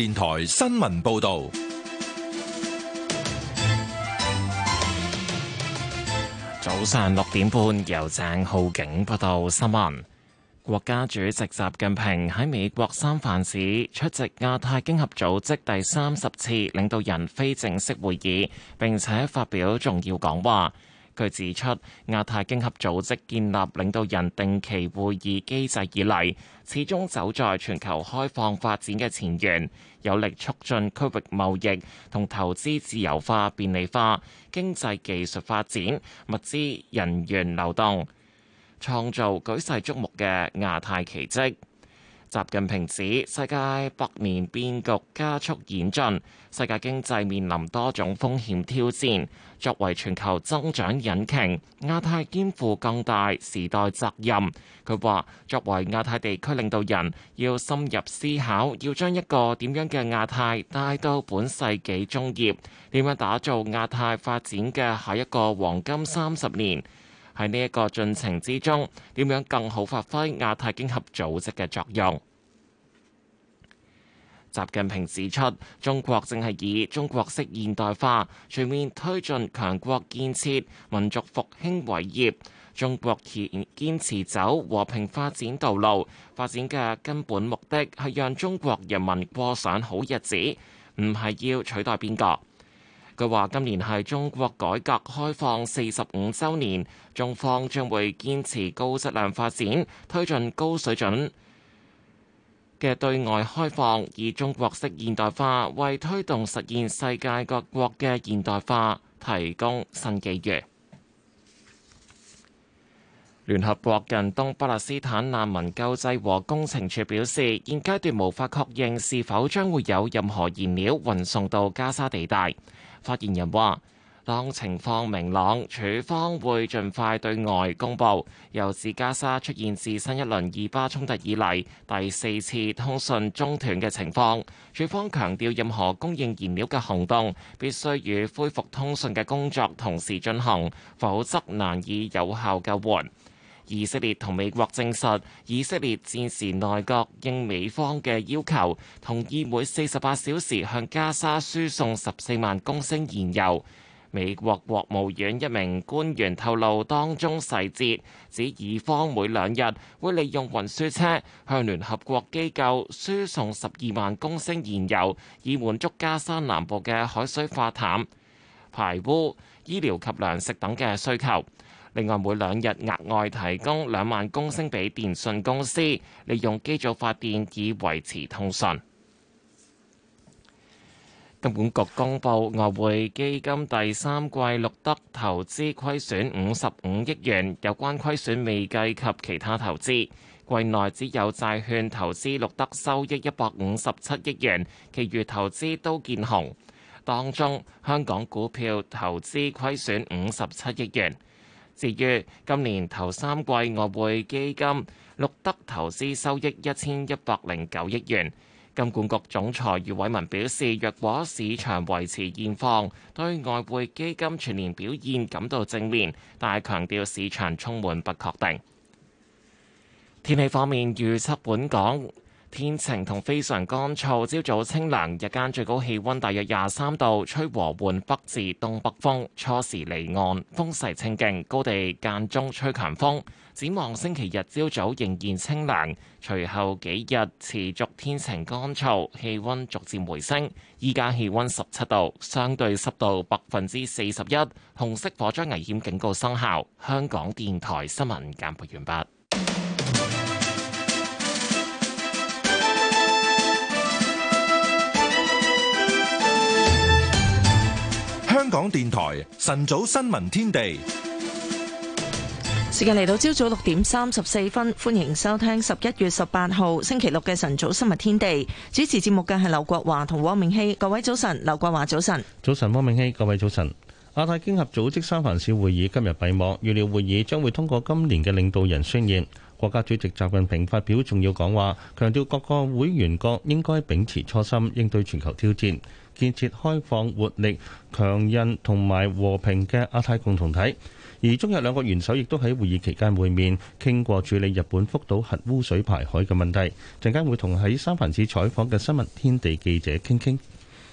電台新聞報道，早上六點半，由鄭浩景報道新聞。國家主席習近平喺美國三藩市出席亞太經合組織第三十次領導人非正式會議，並且發表重要講話。佢指出，亞太經合組織建立領導人定期會議機制以嚟，始終走在全球開放發展嘅前沿，有力促進區域貿易同投資自由化、便利化、經濟技術發展、物資人員流動，創造舉世矚目嘅亞太奇蹟。習近平指，世界百年變局加速演進，世界經濟面臨多種風險挑戰。作為全球增長引擎，亞太肩負更大時代責任。佢話：作為亞太地區領導人，要深入思考，要將一個點樣嘅亞太帶到本世紀中葉，點樣打造亞太發展嘅下一個黃金三十年？喺呢一個進程之中，點樣更好發揮亞太經合組織嘅作用？習近平指出，中國正係以中國式現代化全面推進強國建設、民族復興偉業。中國堅堅持走和平發展道路，發展嘅根本目的係讓中國人民過上好日子，唔係要取代邊個。佢話，今年係中國改革開放四十五周年，中方將會堅持高質量發展，推進高水準。嘅對外開放，以中國式現代化為推動實現世界各國嘅現代化提供新機遇。聯合國近東巴勒斯坦難民救濟和工程處表示，現階段無法確認是否將會有任何燃料運送到加沙地帶。發言人話。當情況明朗，處方會盡快對外公佈。由自加沙出現自新一輪以巴衝突以嚟第四次通訊中斷嘅情況，處方強調任何供應燃料嘅行動必須與恢復通訊嘅工作同時進行，否則難以有效救援。以色列同美國證實，以色列戰時內閣應美方嘅要求，同意每四十八小時向加沙輸送十四萬公升燃油。美國國務院一名官員透露當中細節，指以方每兩日會利用運輸車向聯合國機構輸送十二萬公升燃油，以滿足加沙南部嘅海水化淡、排污、醫療及糧食等嘅需求。另外，每兩日額外提供兩萬公升俾電信公司，利用機組發電以維持通訊。金管局公布外匯基金第三季錄得投資虧損五十五億元，有關虧損未計及其他投資。季內只有債券投資錄得收益一百五十七億元，其餘投資都見紅。當中香港股票投資虧損五十七億元。至於今年頭三季外匯基金錄得投資收益一千一百零九億元。金管局總裁余偉文表示，若果市場維持現況，對外匯基金全年表現感到正面，但係強調市場充滿不確定。天氣方面預測，本港天晴同非常乾燥，朝早清涼，日間最高氣溫大約廿三度，吹和緩北至東北風，初時離岸，風勢清勁，高地間中吹強風。展望星期日朝早仍然清涼，隨後幾日持續天晴乾燥，氣温逐漸回升。依家氣温十七度，相對濕度百分之四十一，紅色火災危險警告生效。香港電台新聞簡報完畢。香港電台晨早新聞天地。時間嚟到朝早六點三十四分，歡迎收聽十一月十八號星期六嘅晨早新聞天地。主持節目嘅係劉國華同汪明熙，各位早晨，劉國華早晨，早晨，汪明熙，各位早晨。亞太經合組織三藩市會議今日閉幕，預料會議將會通過今年嘅領導人宣言。國家主席習近平發表重要講話，強調各個會員國應該秉持初心，應對全球挑戰，建設開放、活力、強韌同埋和平嘅亞太共同體。而中日兩個元首亦都喺會議期間會面，傾過處理日本福島核污水排海嘅問題。陣間會同喺三藩市採訪嘅新聞天地記者傾傾。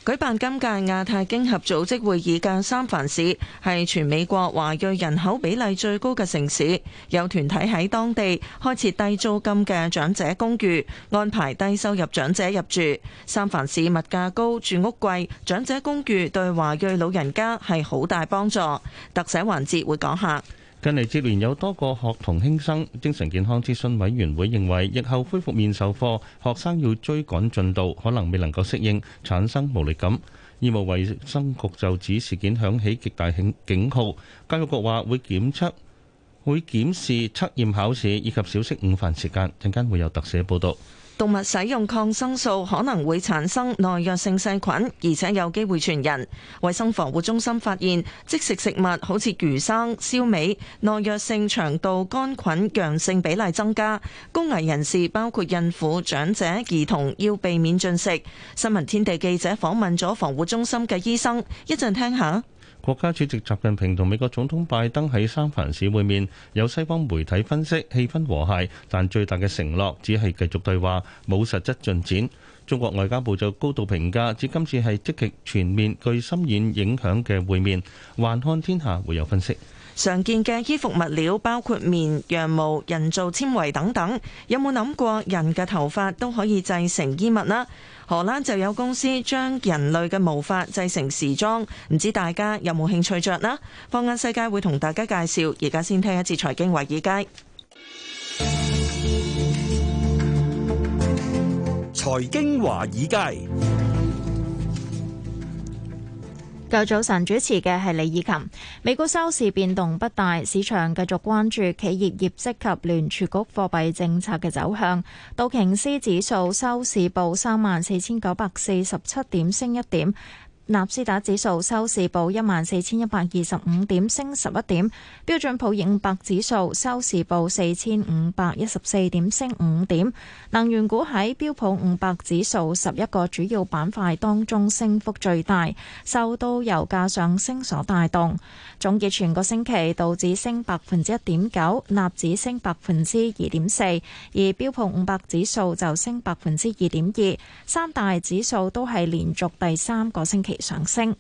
舉辦今屆亞太經合組織會議嘅三藩市係全美國華裔人口比例最高嘅城市，有團體喺當地開設低租金嘅長者公寓，安排低收入長者入住。三藩市物價高，住屋貴，長者公寓對華裔老人家係好大幫助。特寫環節會講下。近嚟接連有多個學童輕生，精神健康諮詢委員會認為日後恢復面授課，學生要追趕進度，可能未能夠適應，產生無力感。醫務衛生局就指事件響起極大警警號，教育局話會檢測、會檢視測驗考試以及小息午飯時間，陣間會有特寫報導。動物使用抗生素可能會產生耐藥性細菌，而且有機會傳人。衛生防護中心發現，即食食物好似魚生、燒味，耐藥性腸道桿菌陽性比例增加。高危人士包括孕婦、長者、兒童，要避免進食。新聞天地記者訪問咗防護中心嘅醫生，一陣聽下。國家主席習近平同美國總統拜登喺三藩市會面，有西方媒體分析氣氛和諧，但最大嘅承諾只係繼續對話，冇實質進展。中國外交部就高度評價，指今次係積極、全面、具深遠影響嘅會面。橫看天下會有分析。常見嘅衣服物料包括棉、羊毛、人造纖維等等，有冇諗過人嘅頭髮都可以製成衣物呢？荷蘭就有公司將人類嘅毛髮製成時裝，唔知大家有冇興趣着呢？放眼世界會同大家介紹，而家先聽一次財經華爾街。財經華爾街。早早晨，主持嘅係李以琴。美股收市變動不大，市場繼續關注企業業績及聯儲局貨幣政策嘅走向。道瓊斯指數收市報三萬四千九百四十七點升一點。納斯達指數收市報一萬四千一百二十五點，升十一點。標準普爾五百指數收市報四千五百一十四點，升五點。能源股喺標普五百指數十一個主要板塊當中升幅最大，受到油價上升所帶動。總結全個星期道指升百分之一點九，納指升百分之二點四，而標普五百指數就升百分之二點二。三大指數都係連續第三個星期上升。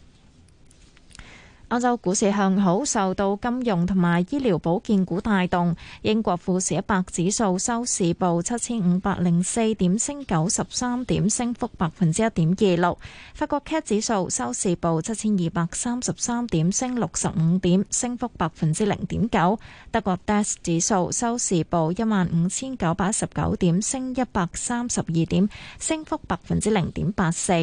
歐洲股市向好，受到金融同埋醫療保健股帶動。英國富時一百指數收市報七千五百零四點，升九十三點，升幅百分之一點二六。法國 CAC 指數收市報七千二百三十三點，升六十五點，升幅百分之零點九。德國 DAX 指數收市報一萬五千九百十九點，升一百三十二點，升幅百分之零點八四。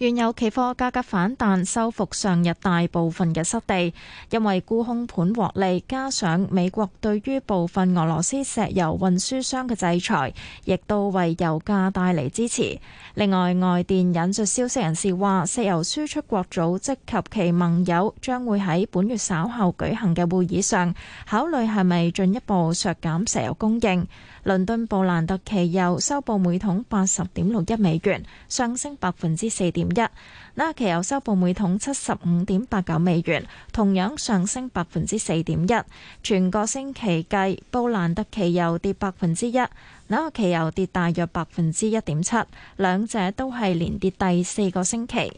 原油期貨價格反彈，收復上日大部分嘅失地，因為沽空盤獲利，加上美國對於部分俄羅斯石油運輸商嘅制裁，亦都為油價帶嚟支持。另外，外電引述消息人士話，石油輸出國組織及其盟友將會喺本月稍後舉行嘅會議上，考慮係咪進一步削減石油供應。倫敦布蘭特期油收報每桶八十點六一美元，上升百分之四點一；紐約期油收報每桶七十五點八九美元，同樣上升百分之四點一。全個星期計，布蘭特期油跌百分之一，紐約期油跌大約百分之一點七，兩者都係連跌第四個星期。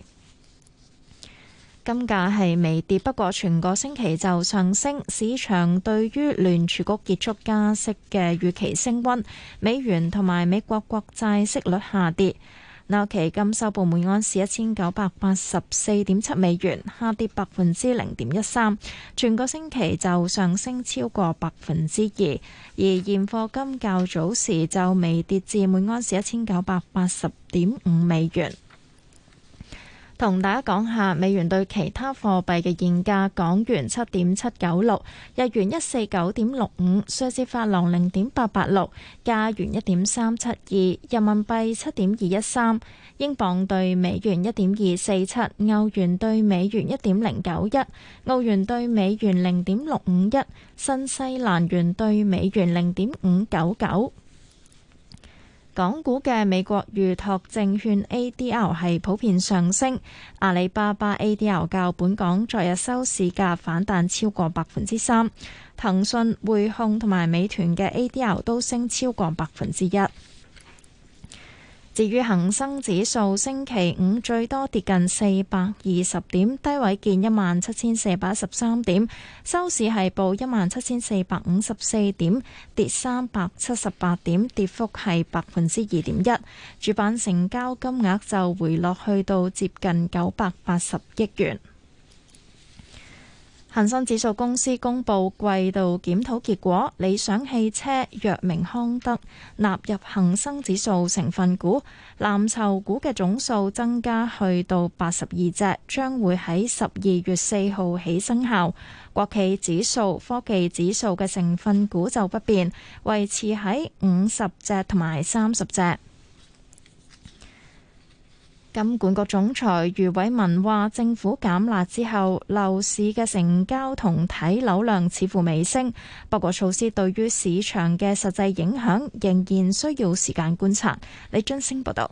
金價係微跌，不過全個星期就上升。市場對於聯儲局結束加息嘅預期升溫，美元同埋美國國債息率下跌。紐期金收報每盎司一千九百八十四點七美元，下跌百分之零點一三，全個星期就上升超過百分之二。而現貨金較早時就微跌至每盎司一千九百八十點五美元。同大家講下美元對其他貨幣嘅現價：港元七點七九六，日元一四九點六五，瑞士法郎零點八八六，加元一點三七二，人民幣七點二一三，英鎊對美元一點二四七，歐元對美元一點零九一，澳元對美元零點六五一，新西蘭元對美元零點五九九。港股嘅美國預託證券 A D L 係普遍上升，阿里巴巴 A D L 較本港昨日收市價反彈超過百分之三，騰訊、匯控同埋美團嘅 A D L 都升超過百分之一。至於恆生指數，星期五最多跌近四百二十點，低位見一萬七千四百十三點，收市係報一萬七千四百五十四點，跌三百七十八點，跌幅係百分之二點一。主板成交金額就回落去到接近九百八十億元。恒生指數公司公布季度檢討結果，理想汽車、藥明康德納入恒生指數成分股，藍籌股嘅總數增加去到八十二隻，將會喺十二月四號起生效。國企指數、科技指數嘅成分股就不變，維持喺五十隻同埋三十隻。金管局總裁余偉文話，政府減辣之後，樓市嘅成交同睇樓量似乎未升，不過措施對於市場嘅實際影響仍然需要時間觀察。李津升報道。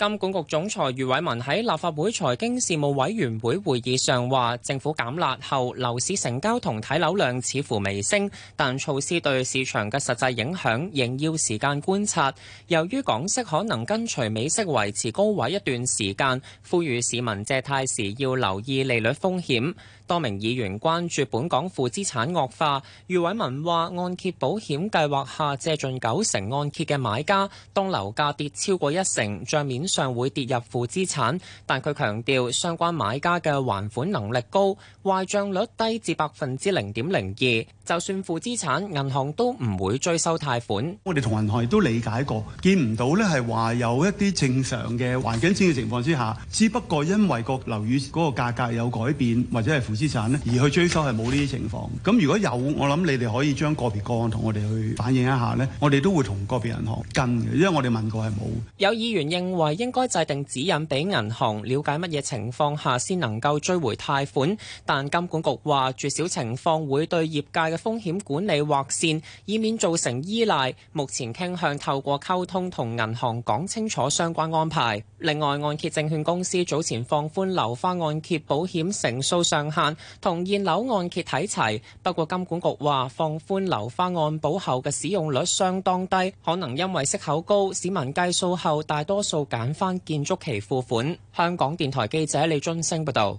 金管局總裁余偉文喺立法會財經事務委員會會議上話，政府減辣後樓市成交同睇樓量似乎微升，但措施對市場嘅實際影響仍要時間觀察。由於港息可能跟隨美息維持高位一段時間，呼籲市民借貸時要留意利率風險。多名議員關注本港負資產惡化，余偉文話：按揭保險計劃下借盡九成按揭嘅買家，當樓價跌超過一成，帳面上會跌入負資產，但佢強調相關買家嘅還款能力高，壞帳率低至百分之零點零二。就算負資產，銀行都唔會追收貸款。我哋同銀行都理解過，見唔到呢係話有一啲正常嘅環境遷嘅情況之下，只不過因為個樓宇嗰個價格有改變，或者係負資產而去追收係冇呢啲情況。咁如果有，我諗你哋可以將個別個案同我哋去反映一下咧。我哋都會同個別銀行跟嘅，因為我哋問過，係冇。有議員認為應該制定指引俾銀行，了解乜嘢情況下先能夠追回貸款。但金管局話，絕少情況會對業界嘅風險管理劃線，以免造成依賴。目前傾向透過溝通同銀行講清楚相關安排。另外，按揭證券公司早前放寬樓花按揭保險成數上限。同現樓按揭睇齊，不過金管局話放寬樓花按保後嘅使用率相當低，可能因為息口高，市民計數後大多數揀翻建築期付款。香港電台記者李俊升報導。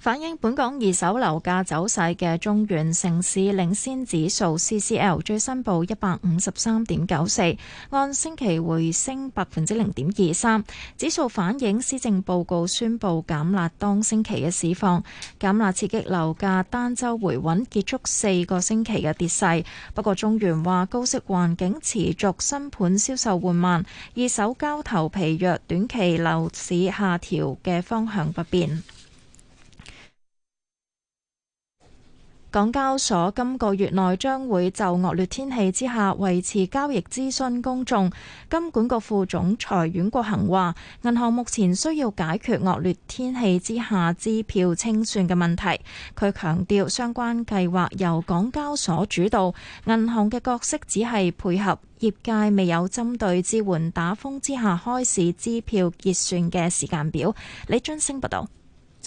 反映本港二手樓價走勢嘅中原城市領先指數 （CCL） 最新報一百五十三點九四，按星期回升百分之零點二三。指數反映施政報告宣佈減辣當星期嘅市況，減辣刺激樓價單周回穩，結束四個星期嘅跌勢。不過中原話，高息環境持續，新盤銷售緩慢，二手交投疲弱，短期樓市下調嘅方向不變。港交所今個月內將會就惡劣天氣之下維持交易諮詢公眾，金管局副總裁阮國恒話銀行目前需要解決惡劣天氣之下支票清算嘅問題，佢強調相關計劃由港交所主導，銀行嘅角色只係配合業界。未有針對支援打風之下開市支票結算嘅時間表。李津升報道。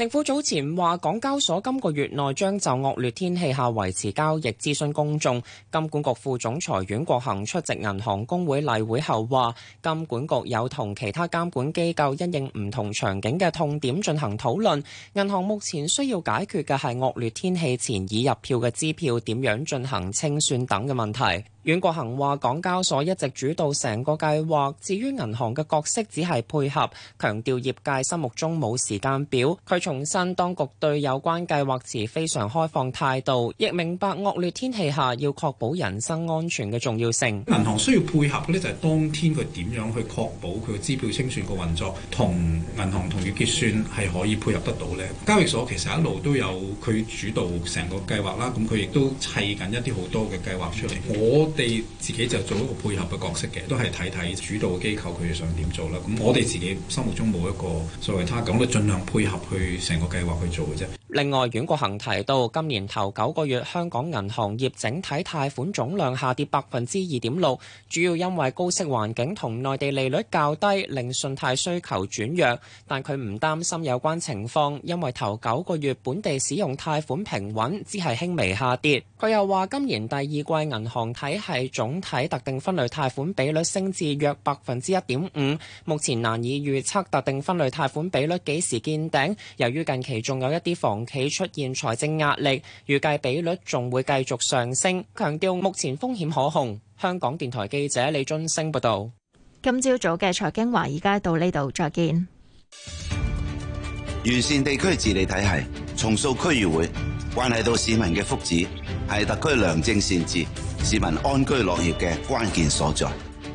政府早前話港交所今個月內將就惡劣天氣下維持交易諮詢公眾。金管局副總裁阮國恒出席銀行公會例會後話，金管局有同其他監管機構因應唔同場景嘅痛點進行討論。銀行目前需要解決嘅係惡劣天氣前已入票嘅支票點樣進行清算等嘅問題。阮國恒話：港交所一直主導成個計劃，至於銀行嘅角色只係配合，強調業界心目中冇時間表。佢重申當局對有關計劃持非常開放態度，亦明白惡劣天氣下要確保人身安全嘅重要性。銀行需要配合呢，就係當天佢點樣去確保佢嘅支票清算個運作同銀行同業結算係可以配合得到呢。交易所其實一路都有佢主導成個計劃啦，咁佢亦都砌緊一啲好多嘅計劃出嚟。我我哋自己就做一個配合嘅角色嘅，都係睇睇主導機構佢哋想點做啦。咁我哋自己心目中冇一個所謂，他講都盡量配合去成個計劃去做嘅啫。另外，阮國恒提到，今年頭九個月香港銀行業整體貸款總量下跌百分之二點六，主要因為高息環境同內地利率較低令信貸需求轉弱。但佢唔擔心有關情況，因為頭九個月本地使用貸款平穩，只係輕微下跌。佢又話，今年第二季銀行體系總體特定分類貸款比率升至約百分之一點五。目前難以預測特定分類貸款比率幾時見頂，由於近期仲有一啲房企出現財政壓力，預計比率仲會繼續上升。強調目前風險可控。香港電台記者李津升報道。今朝早嘅財經華爾街到呢度再見。完善地區治理體系，重塑區議會，關係到市民嘅福祉，係特區良政善治、市民安居樂業嘅關鍵所在。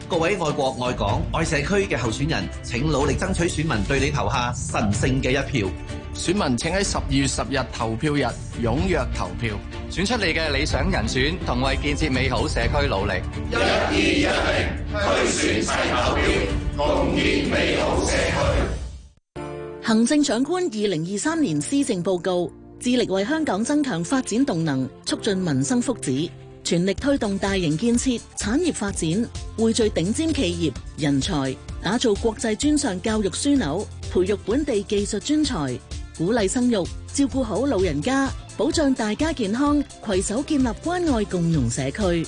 各位愛國愛港愛社區嘅候選人，請努力爭取選民對你投下神聖嘅一票。選民請喺十二月十日投票日踊躍投票，選出你嘅理想人選，同為建設美好社區努力。一、二、一、零區選齊投票，共建美好社區。行政長官二零二三年施政報告，致力為香港增強發展動能，促進民生福祉。全力推動大型建設、產業發展，匯聚頂尖企業人才，打造國際專上教育樞紐，培育本地技術專才，鼓勵生育，照顧好老人家，保障大家健康，攜手建立關愛共融社區。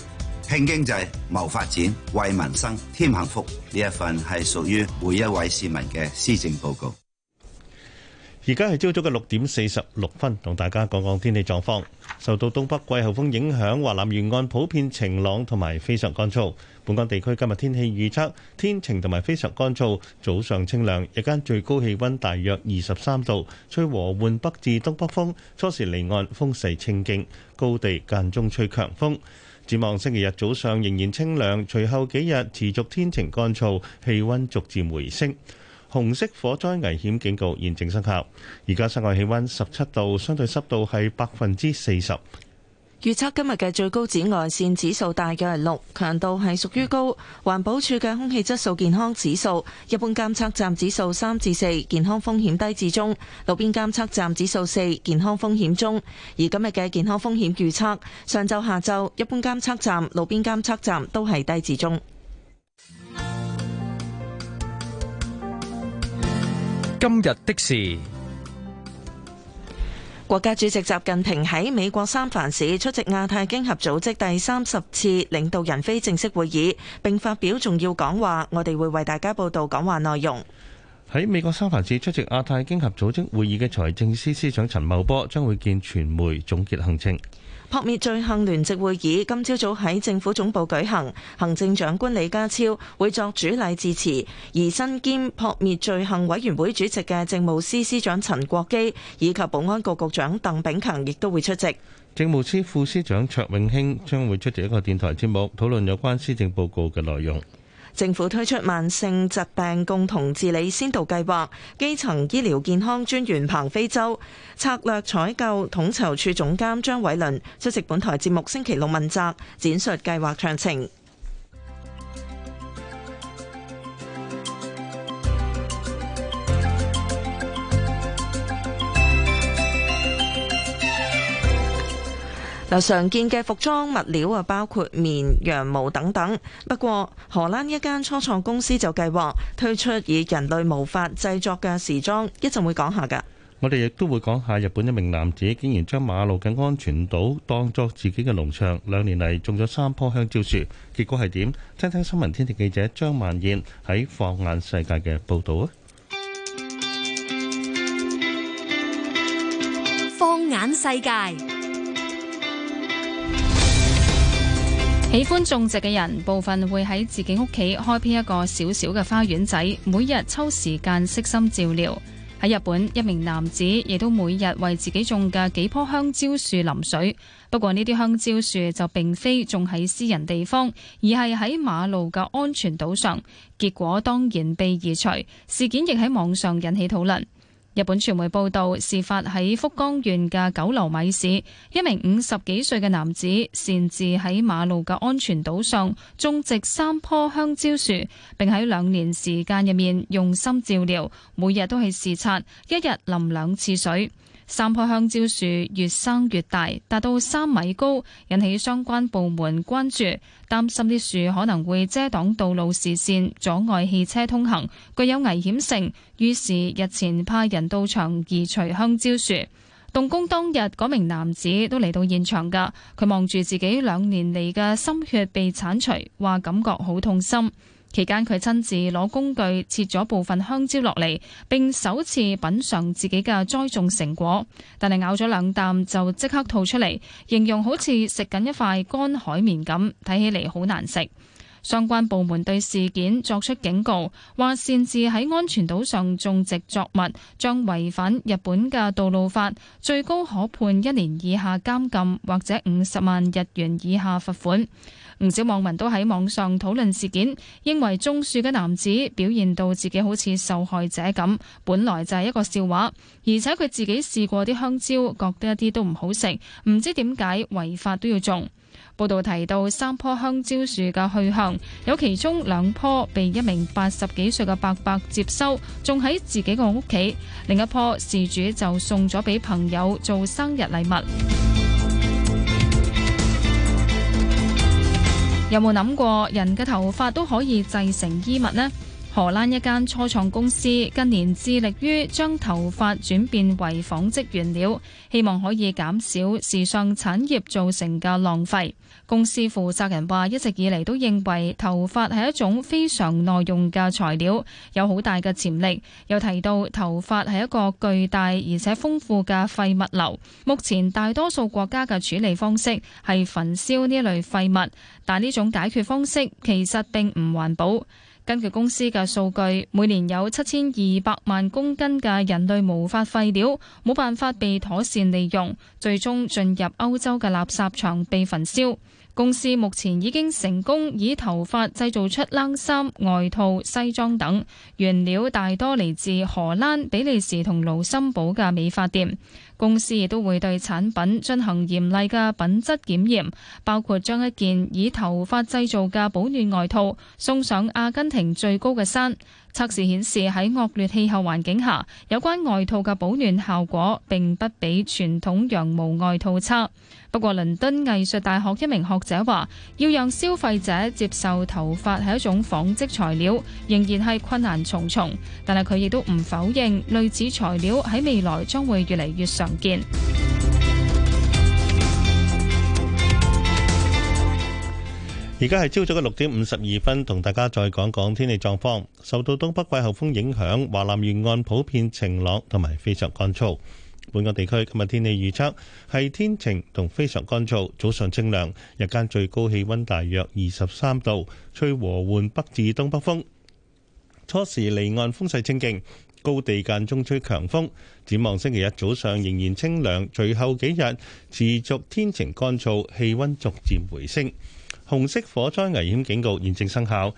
拼經濟、謀發展、為民生添幸福，呢一份係屬於每一位市民嘅施政報告。而家係朝早嘅六點四十六分，同大家講講天氣狀況。受到東北季候風影響，華南沿岸普遍晴朗同埋非常乾燥。本港地區今日天氣預測，天晴同埋非常乾燥，早上清涼，日間最高氣溫大約二十三度，吹和緩北至東北風，初時離岸風勢清勁，高地間中吹強風。展望星期日早上仍然清涼，隨後幾日持續天晴乾燥，氣溫逐漸回升。紅色火災危險警告現正生效。而家室外氣溫十七度，相對濕度係百分之四十。預測今日嘅最高紫外線指數大約係六，強度係屬於高。環保署嘅空氣質素健康指數，一般監測站指數三至四，健康風險低至中；路邊監測站指數四，健康風險中。而今日嘅健康風險預測，上晝、下晝一般監測站、路邊監測站都係低至中。今日的事，國家主席習近平喺美國三藩市，出席亞太經合組織第三十次領導人非正式會議，並發表重要講話。我哋會為大家報道講話內容。喺美國三藩市出席亞太經合組織會議嘅財政司司長陳茂波將會見傳媒，總結行程。撲滅罪行聯席會議今朝早喺政府總部舉行，行政長官李家超會作主禮致辭，而身兼撲滅罪行委員會主席嘅政務司司長陳國基以及保安局局長鄧炳強亦都會出席。政務司副司長卓永興將會出席一個電台節目，討論有關施政報告嘅內容。政府推出慢性疾病共同治理先導計劃，基層醫療健康專員彭飛洲、策略採購統籌處總監張偉倫出席本台節目星期六問責，展述計劃詳情。嗱，常見嘅服裝物料啊，包括綿羊毛等等。不過，荷蘭一間初創公司就計劃推出以人類無法製作嘅時裝，一陣會講下㗎。我哋亦都會講下，日本一名男子竟然將馬路嘅安全島當作自己嘅農場，兩年嚟種咗三棵香蕉樹，結果係點？聽聽新聞天地記者張曼燕喺《放眼世界》嘅報道啊！放眼世界。喜歡種植嘅人，部分會喺自己屋企開闢一個小小嘅花園仔，每日抽時間悉心照料。喺日本，一名男子亦都每日為自己種嘅幾棵香蕉樹淋水。不過呢啲香蕉樹就並非種喺私人地方，而係喺馬路嘅安全島上，結果當然被移除。事件亦喺網上引起討論。日本傳媒報道，事發喺福岡縣嘅久留米市，一名五十幾歲嘅男子擅自喺馬路嘅安全島上種植三棵香蕉樹，並喺兩年時間入面用心照料，每日都去視察，一日淋兩次水。三棵香蕉樹越生越大，達到三米高，引起相關部門關注，擔心啲樹可能會遮擋道路視線，阻礙汽車通行，具有危險性。於是日前派人到場移除香蕉樹。動工當日，嗰名男子都嚟到現場噶，佢望住自己兩年嚟嘅心血被鏟除，話感覺好痛心。期間佢親自攞工具切咗部分香蕉落嚟，並首次品嚐自己嘅栽種成果，但係咬咗兩啖就即刻吐出嚟，形容好似食緊一塊乾海綿咁，睇起嚟好難食。相關部門對事件作出警告，話擅自喺安全島上種植作物，將違反日本嘅道路法，最高可判一年以下監禁，或者五十萬日元以下罰款。唔少網民都喺網上討論事件，認為種樹嘅男子表現到自己好似受害者咁，本來就係一個笑話。而且佢自己試過啲香蕉，覺得一啲都唔好食，唔知點解違法都要種。報道提到三棵香蕉樹嘅去向，有其中兩棵被一名八十幾歲嘅伯伯接收，種喺自己個屋企；另一棵事主就送咗俾朋友做生日禮物。有冇諗過，人嘅頭髮都可以製成衣物呢？荷蘭一間初創公司近年致力於將頭髮轉變為紡織原料，希望可以減少時尚產業造成嘅浪費。公司負責人話：一直以嚟都認為頭髮係一種非常耐用嘅材料，有好大嘅潛力。又提到頭髮係一個巨大而且豐富嘅廢物流。目前大多數國家嘅處理方式係焚燒呢類廢物，但呢種解決方式其實並唔環保。根據公司嘅數據，每年有七千二百萬公斤嘅人類毛髮廢料冇辦法被妥善利用，最終進入歐洲嘅垃圾場被焚燒。公司目前已經成功以頭髮製造出冷衫、外套、西裝等，原料大多嚟自荷蘭、比利時同盧森堡嘅美髮店。公司亦都會對產品進行嚴厲嘅品質檢驗，包括將一件以頭髮製造嘅保暖外套送上阿根廷最高嘅山。測試顯示喺惡劣氣候環境下，有關外套嘅保暖效果並不比傳統羊毛外套差。不過，倫敦藝術大學一名學者話，要讓消費者接受頭髮係一種紡織材料，仍然係困難重重。但係佢亦都唔否認，類似材料喺未來將會越嚟越常見。而家係朝早嘅六點五十二分，同大家再講講天氣狀況。受到東北季候風影響，華南沿岸普遍晴朗同埋非常乾燥。本港地區今日天氣預測係天晴同非常乾燥，早上清涼，日間最高氣溫大約二十三度，吹和緩北至東北風。初時離岸風勢清勁，高地間中吹強風。展望星期一早上仍然清涼，隨後幾日持續天晴乾燥，氣溫逐漸回升。紅色火災危險警告現正生效，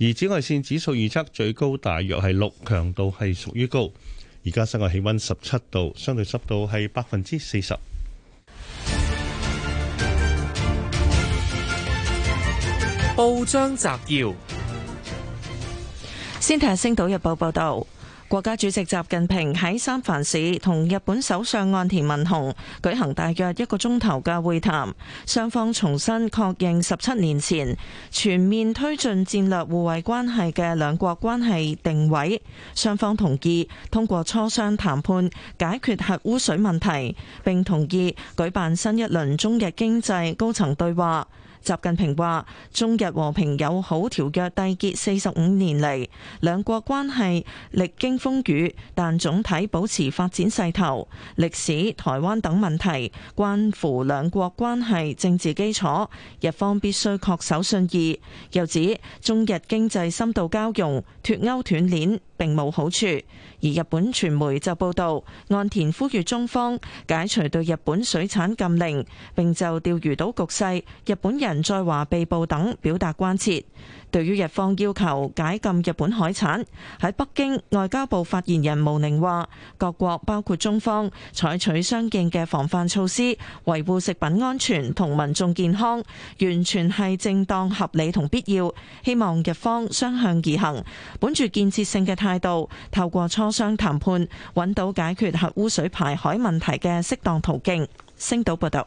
而紫外線指數預測最高大約係六，強度係屬於高。而家室外氣温十七度，相對濕度係百分之四十。報章摘要，先睇下《星島日報》報道。國家主席習近平喺三藩市同日本首相岸田文雄舉行大約一個鐘頭嘅會談，雙方重新確認十七年前全面推進戰略互惠關係嘅兩國關係定位。雙方同意通過磋商談判解決核污水問題，並同意舉辦新一輪中日經濟高層對話。習近平話：中日和平友好條約締結四十五年嚟，兩國關係歷經風雨，但總體保持發展勢頭。歷史、台灣等問題，關乎兩國關係政治基礎，日方必須恪守信義。又指中日經濟深度交融，脱鈎斷鏈並冇好處。而日本傳媒就報道，岸田呼籲中方解除對日本水產禁令，並就釣魚島局勢、日本人在華被捕等表達關切。對於日方要求解禁日本海產，喺北京外交部發言人毛寧話，各國包括中方採取相應嘅防範措施，維護食品安全同民眾健康，完全係正當合理同必要。希望日方雙向而行，本住建設性嘅態度，透過磋商談判揾到解決核污水排海問題嘅適當途徑。星島報道。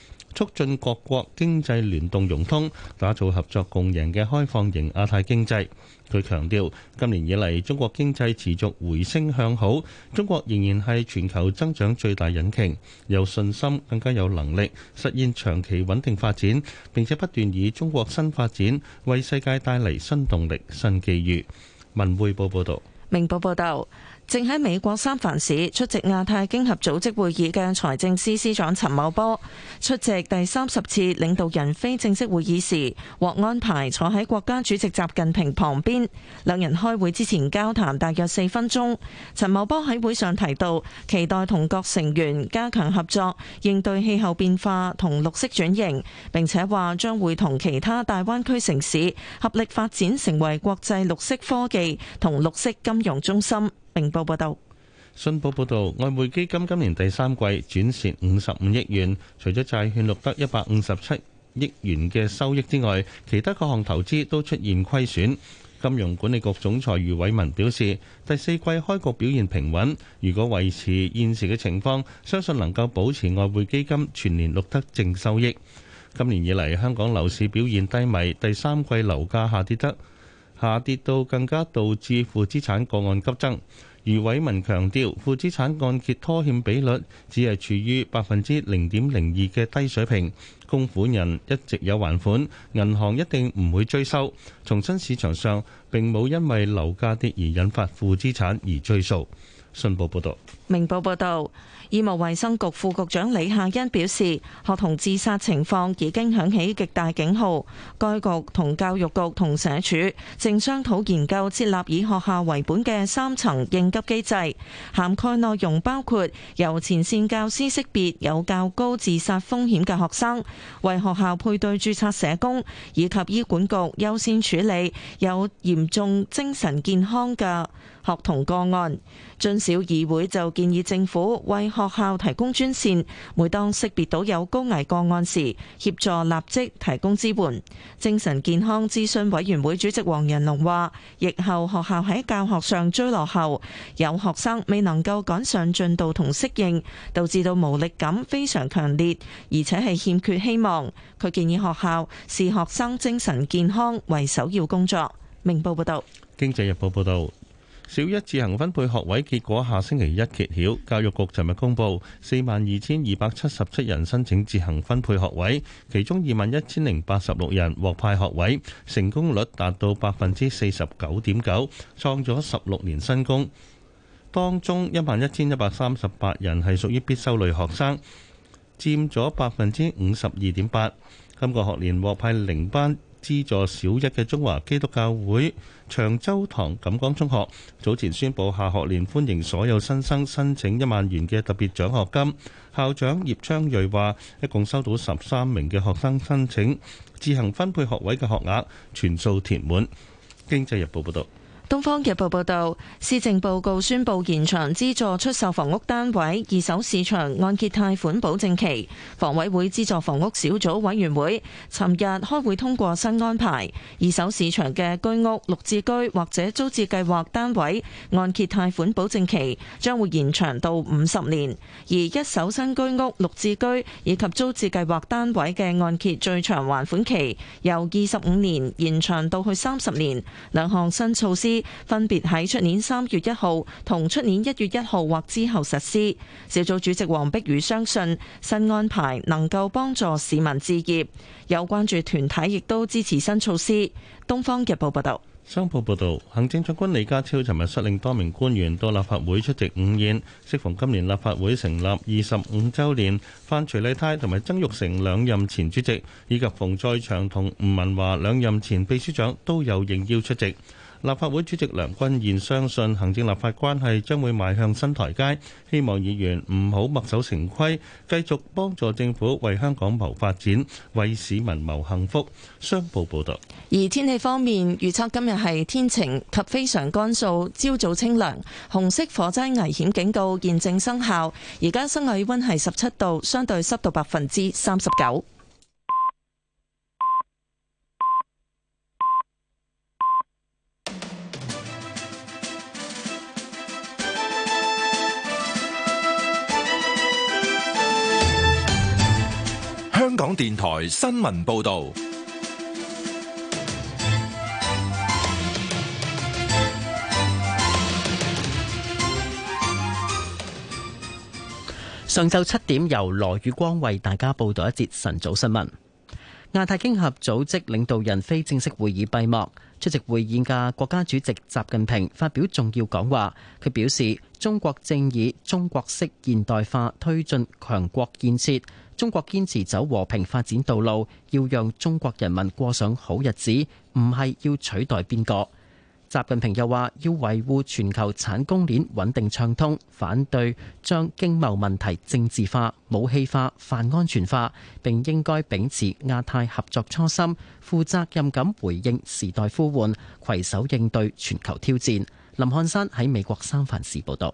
促進各國經濟聯動融通，打造合作共贏嘅開放型亞太經濟。佢強調，今年以嚟中國經濟持續回升向好，中國仍然係全球增長最大引擎，有信心更加有能力實現長期穩定發展，並且不斷以中國新發展為世界帶嚟新動力、新機遇。文匯報報道。明報報導。正喺美國三藩市出席亞太經合組織會議嘅財政司司長陳茂波出席第三十次領導人非正式會議時，獲安排坐喺國家主席習近平旁邊。兩人開會之前交談大約四分鐘。陳茂波喺會上提到，期待同各成員加強合作，應對氣候變化同綠色轉型。並且話將會同其他大灣區城市合力發展，成為國際綠色科技同綠色金融中心。明報報道，信報報道，外匯基金今年第三季轉蝕五十五億元，除咗債券錄得一百五十七億元嘅收益之外，其他各項投資都出現虧損。金融管理局總裁余偉文表示，第四季開局表現平穩，如果維持現時嘅情況，相信能夠保持外匯基金全年錄得正收益。今年以嚟，香港樓市表現低迷，第三季樓價下跌得。下跌到更加導致負資產個案急增，余偉文強調負資產按揭拖欠比率只係處於百分之零點零二嘅低水平，供款人一直有還款，銀行一定唔會追收，重申市場上並冇因為樓價跌而引發負資產而追數。信報報導，明報報導。醫務衛生局副局長李夏欣表示，學童自殺情況已經響起極大警號，該局同教育局同社署正商討研究設立以學校為本嘅三層應急機制，涵蓋內容包括由前線教師識別有較高自殺風險嘅學生，為學校配對註冊社工，以及醫管局優先處理有嚴重精神健康嘅。學童個案，津小議會就建議政府為學校提供專線，每當識別到有高危個案時，協助立即提供支援。精神健康諮詢委員會主席黃仁龍話，疫後學校喺教學上追落後，有學生未能夠趕上進度同適應，導致到無力感非常強烈，而且係欠缺希望。佢建議學校視學生精神健康為首要工作。明報報導，《經濟日報》報道。小一自行分配學位結果下星期一揭曉，教育局尋日公佈四萬二千二百七十七人申請自行分配學位，其中二萬一千零八十六人獲派學位，成功率達到百分之四十九點九，創咗十六年新高。當中一萬一千一百三十八人係屬於必修類學生，佔咗百分之五十二點八。今個學年獲派零班。資助小一嘅中華基督教會長洲堂錦江中學早前宣布，下學年歡迎所有新生申請一萬元嘅特別獎學金。校長葉昌瑞話，一共收到十三名嘅學生申請，自行分配學位嘅學額全數填滿。經濟日報報道。東方日報報道，施政報告宣布延長資助出售房屋單位二手市場按揭貸款保證期。房委會資助房屋小組委員會尋日開會通過新安排，二手市場嘅居屋、綠置居或者租置計劃單位按揭貸款保證期將會延長到五十年，而一手新居屋、綠置居以及租置計劃單位嘅按揭最長還款期由二十五年延長到去三十年。兩項新措施，分別喺出年三月一號同出年一月一號或之後實施。小組主席黃碧宇相信新安排能夠幫助市民置業，有關注團體亦都支持新措施。《東方日報》報道，《商報》報道，行政長官李家超尋日率領多名官員到立法會出席午宴，適逢今年立法會成立二十五週年，范徐麗泰同埋曾玉成兩任前主席以及馮在祥同吳文華兩任前秘書長都有應邀出席。立法會主席梁君彥相信行政立法關係將會邁向新台階，希望議員唔好墨守成規，繼續幫助政府為香港謀發展，為市民謀幸福。商報報道。而天氣方面，預測今日係天晴及非常乾燥，朝早清涼。紅色火災危險警告現正生效。而家室外氣溫係十七度，相對濕度百分之三十九。香港電台新聞報道。上晝七點，由羅宇光為大家報道一節晨早新聞。亞太經合組織領導人非正式會議閉幕，出席會議嘅國家主席習近平發表重要講話。佢表示，中國正以中國式現代化推進強國建設。中國堅持走和平發展道路，要讓中國人民過上好日子，唔係要取代邊個。習近平又話：要維護全球產供鏈穩定暢通，反對將經貿問題政治化、武器化、泛安全化，並應該秉持亞太合作初心，負責任咁回應時代呼喚，攜手應對全球挑戰。林漢山喺美國三藩市報道。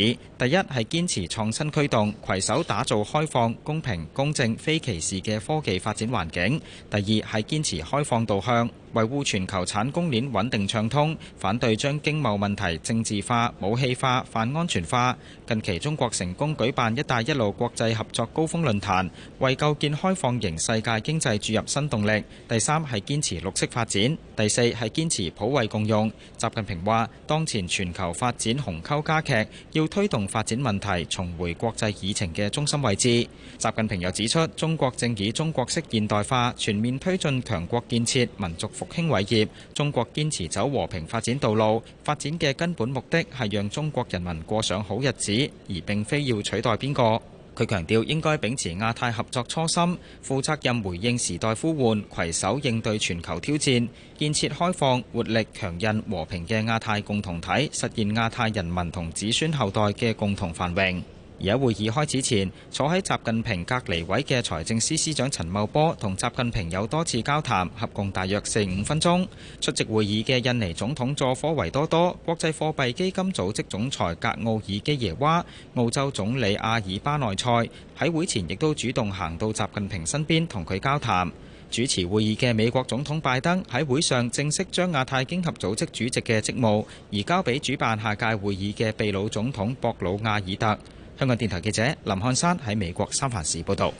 第一係堅持創新驅動，攜手打造開放、公平、公正、非歧視嘅科技發展環境；第二係堅持開放導向。維護全球產供鏈穩定暢通，反對將經貿問題政治化、武器化、泛安全化。近期中國成功舉辦「一帶一路」國際合作高峰論壇，為構建開放型世界經濟注入新動力。第三係堅持綠色發展，第四係堅持普惠共用。習近平話：當前全球發展鴻溝加劇，要推動發展問題重回國際議程嘅中心位置。習近平又指出，中國正以中國式現代化全面推進強國建設、民族復興偉業，中國堅持走和平發展道路，發展嘅根本目的係讓中國人民過上好日子，而並非要取代邊個。佢強調應該秉持亞太合作初心，負責任回應時代呼喚，携手應對全球挑戰，建設開放、活力、強韌、和平嘅亞太共同體，實現亞太人民同子孫後代嘅共同繁榮。而喺會議開始前，坐喺習近平隔離位嘅財政司司長陳茂波同習近平有多次交談，合共大約四五分鐘。出席會議嘅印尼總統佐科維多多、國際貨幣基金組織總裁格奧爾基耶娃、澳洲總理阿爾巴內塞喺會前亦都主動行到習近平身邊同佢交談。主持會議嘅美國總統拜登喺會上正式將亞太經合組織主席嘅職務移交俾主辦下屆會議嘅秘魯總統博魯亞爾特。香港電台記者林漢山喺美國三藩市報道，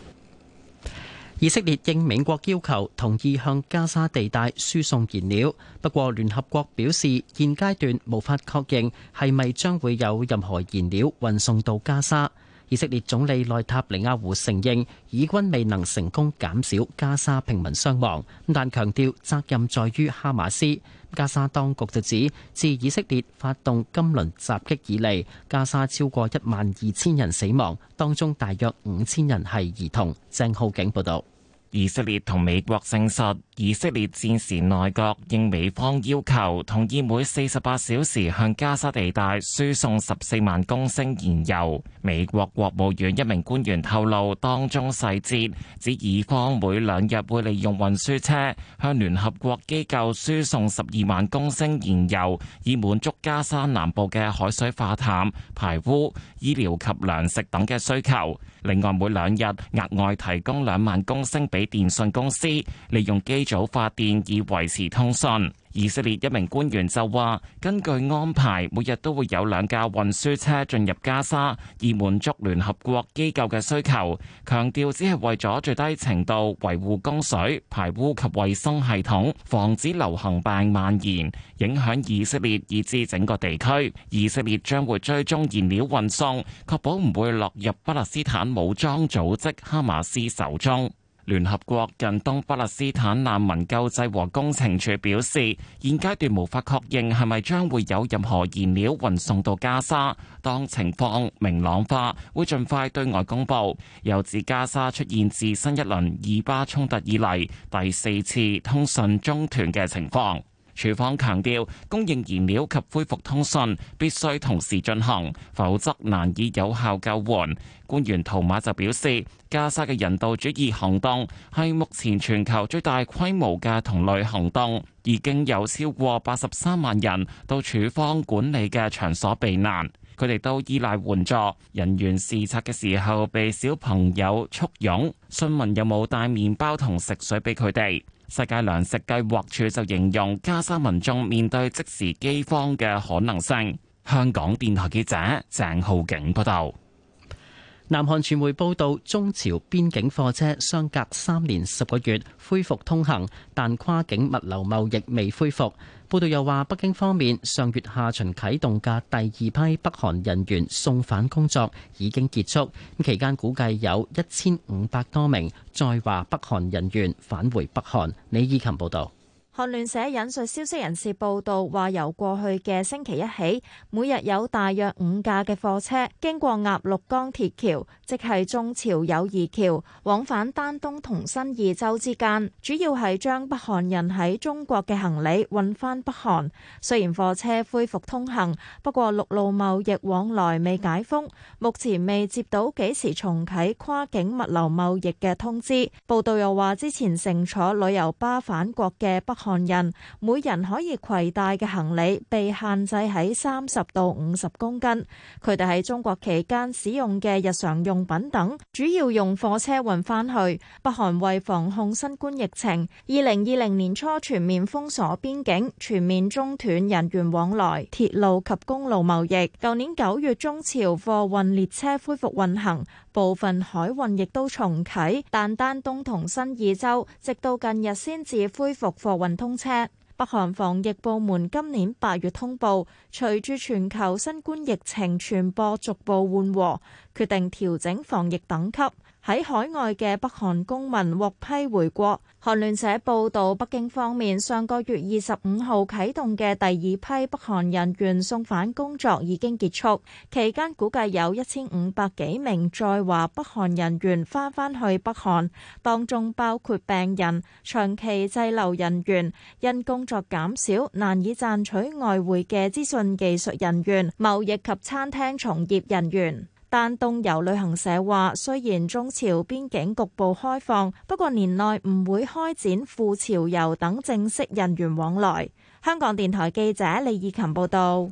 以色列應美國要求，同意向加沙地帶輸送燃料，不過聯合國表示現階段無法確認係咪將會有任何燃料運送到加沙。以色列總理內塔尼亞胡承認以軍未能成功減少加沙平民傷亡，但強調責任在於哈馬斯。加沙當局就指，自以色列發動今輪襲擊以嚟，加沙超過一萬二千人死亡，當中大約五千人係兒童。鄭浩景報導。以色列同美國證實，以色列戰時內閣應美方要求，同意每四十八小時向加沙地帶輸送十四萬公升燃油。美國國務院一名官員透露當中細節，指以方每兩日會利用運輸車向聯合國機構輸送十二萬公升燃油，以滿足加沙南部嘅海水化淡、排污、醫療及糧食等嘅需求。另外，每兩日額外提供兩萬公升俾。電信公司利用機組發電以維持通訊。以色列一名官員就話，根據安排，每日都會有兩架運輸車進入加沙，以滿足聯合國機構嘅需求。強調只係為咗最低程度維護供水、排污及衛生系統，防止流行病蔓延，影響以色列以至整個地區。以色列將會追蹤燃料運送，確保唔會落入巴勒斯坦武裝組織哈馬斯手中。聯合國近東巴勒斯坦難民救濟和工程處表示，現階段無法確認係咪將會有任何燃料運送到加沙。當情況明朗化，會盡快對外公佈。又指加沙出現自新一輪以巴衝突以嚟第四次通訊中斷嘅情況。處方強調，供應燃料及恢復通訊必須同時進行，否則難以有效救援。官員圖馬就表示，加沙嘅人道主義行動係目前全球最大規模嘅同類行動，已經有超過八十三萬人到處方管理嘅場所避難，佢哋都依賴援助，人員視察嘅時候被小朋友簇擁，詢問有冇帶麵包同食水俾佢哋。世界糧食計劃署就形容加沙民眾面對即時饑荒嘅可能性。香港電台記者鄭浩景報道。南韓傳媒報道，中朝邊境貨車相隔三年十個月恢復通行，但跨境物流貿易未恢復。報道又話，北京方面上月下旬啟動嘅第二批北韓人員送返工作已經結束，期間估計有一千五百多名在華北韓人員返回北韓。李以琴報導。韓聯社引述消息人士報道話，由過去嘅星期一起，每日有大約五架嘅貨車經過鴨綠江鐵，鐵橋，即係中朝友誼橋，往返丹東同新義州之間，主要係將北韓人喺中國嘅行李運翻北韓。雖然貨車恢復通行，不過陸路貿易往來未解封，目前未接到幾時重啟跨境物流貿易嘅通知。報道又話，之前乘坐旅遊巴返國嘅北韓韓人每人可以攜帶嘅行李被限制喺三十到五十公斤。佢哋喺中國期間使用嘅日常用品等，主要用貨車運翻去。北韓為防控新冠疫情，二零二零年初全面封鎖邊境，全面中斷人員往來、鐵路及公路貿易。舊年九月中朝貨運列車恢復運行。部分海運亦都重啟，但丹東同新義州直到近日先至恢復貨運通車。北韓防疫部門今年八月通報，隨住全球新冠疫情傳播逐步緩和，決定調整防疫等級。喺海外嘅北韓公民獲批回國。韓聯社報道，北京方面上個月二十五號啓動嘅第二批北韓人員送返工作已經結束，期間估計有一千五百幾名在華北韓人員翻返去北韓。當中包括病人、長期滯留人員、因工作減少難以賺取外匯嘅資訊技術人員、貿易及餐廳從業人員。但東遊旅行社話，雖然中朝邊境局部開放，不過年內唔會開展赴朝遊等正式人員往來。香港電台記者李以琴報道。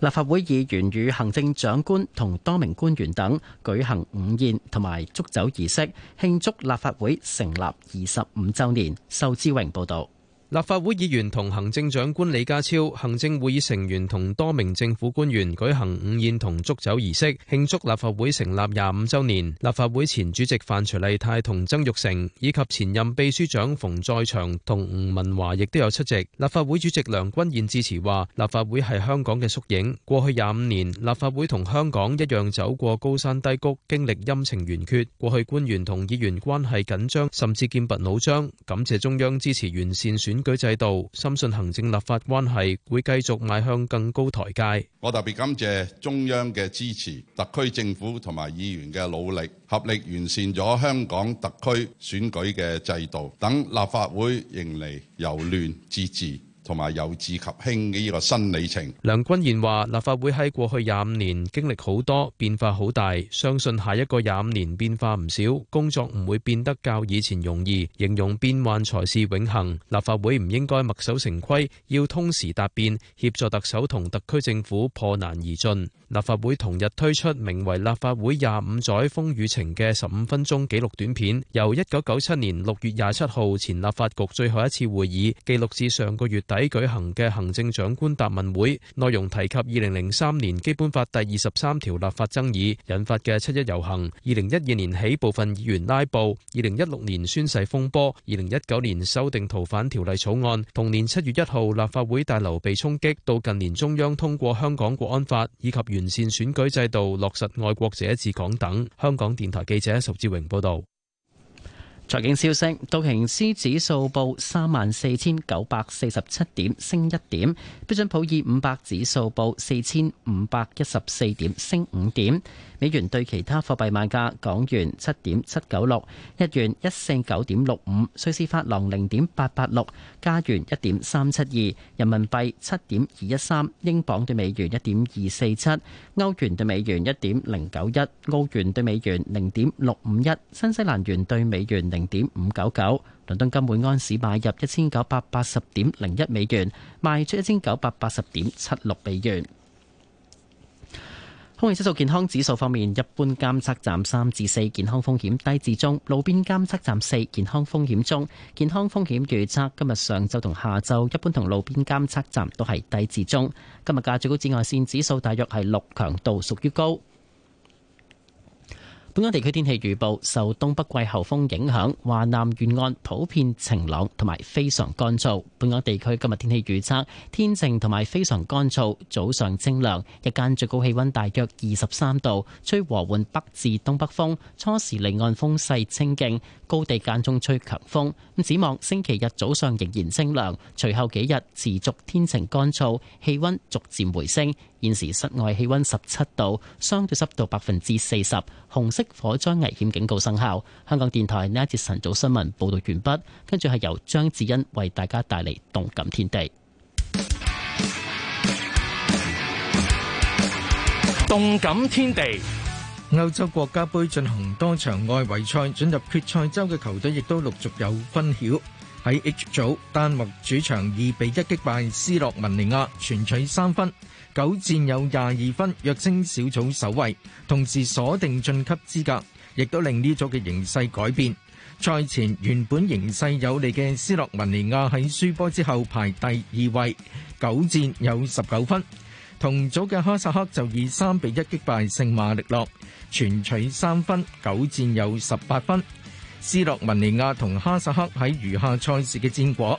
立法會議員與行政長官同多名官員等舉行午宴同埋祝酒儀式，慶祝立法會成立二十五周年。壽之榮報道。立法會議員同行政長官李家超、行政會議成員同多名政府官員舉行午宴同祝酒儀式，慶祝立法會成立廿五週年。立法會前主席范徐麗泰同曾鈺成以及前任秘書長馮載祥同吳文華亦都有出席。立法會主席梁君彥致辭話：立法會係香港嘅縮影。過去廿五年，立法會同香港一樣走過高山低谷，經歷陰晴圓缺。過去官員同議員關係緊張，甚至劍拔弩張。感謝中央支持完善選舉制度，深信行政立法關係會繼續邁向更高台階。我特別感謝中央嘅支持，特區政府同埋議員嘅努力，合力完善咗香港特區選舉嘅制度，等立法會迎嚟由亂至治。同埋有志及興嘅呢個新里程。梁君彥話：立法會喺過去廿五年經歷好多變化，好大，相信下一個廿五年變化唔少，工作唔會變得較以前容易。形容變幻才是永恆。立法會唔應該墨守成規，要通時達變，協助特首同特區政府破難而進。立法會同日推出名為《立法會廿五載風雨情》嘅十五分鐘紀錄短片，由一九九七年六月廿七號前立法局最後一次會議記錄至上個月，喺舉行嘅行政長官答問會，內容提及二零零三年基本法第二十三條立法爭議引發嘅七一遊行，二零一二年起部分議員拉布，二零一六年宣誓風波，二零一九年修訂逃犯條例草案，同年七月一號立法會大樓被衝擊，到近年中央通過香港國安法以及完善選舉制度落實愛國者治港等。香港電台記者仇志榮報道。財經消息：道瓊斯指數報三萬四千九百四十七點，升一點；標準普爾五百指數報四千五百一十四點，升五點。美元兌其他貨幣賣價：港元七點七九六，日元一四九點六五，瑞士法郎零點八八六，加元一點三七二，人民幣七點二一三，英鎊對美元一點二四七，歐元對美元一點零九一，澳元對美元零點六五一，新西蘭元對美元零點五九九。倫敦金每安士買入一千九百八十點零一美元，賣出一千九百八十點七六美元。空氣質素健康指數方面，一般監測站三至四，健康風險低至中；路邊監測站四，健康風險中。健康風險預測今日上晝同下晝，一般同路邊監測站都係低至中。今日嘅最高紫外線指數大約係六，強度屬於高。本港地區天氣預報，受東北季候風影響，華南沿岸普遍晴朗同埋非常乾燥。本港地區今日天氣預測，天晴同埋非常乾燥，早上清涼，日間最高氣溫大約二十三度，吹和緩北至東北風，初時離岸風勢清勁，高地間中吹強風。咁展望星期日早上仍然清涼，隨後幾日持續天晴乾燥，氣溫逐漸回升。現時室外氣温十七度，相對濕度百分之四十，紅色火災危險警告生效。香港電台呢一節晨早新聞報道完畢，跟住係由張智欣為大家帶嚟動感天地。動感天地，歐洲國家杯進行多場外圍賽，進入決賽周嘅球隊亦都陸續有分曉。喺 H 組，丹麥主場二比一擊敗斯洛文尼亞全取三分。九戰有廿二分，躍升小組首位，同時鎖定晉級資格，亦都令呢組嘅形勢改變。賽前原本形勢有利嘅斯洛文尼亞喺輸波之後排第二位，九戰有十九分。同組嘅哈薩克就以三比一擊敗聖馬力諾，全取三分，九戰有十八分。斯洛文尼亞同哈薩克喺餘下賽事嘅戰果，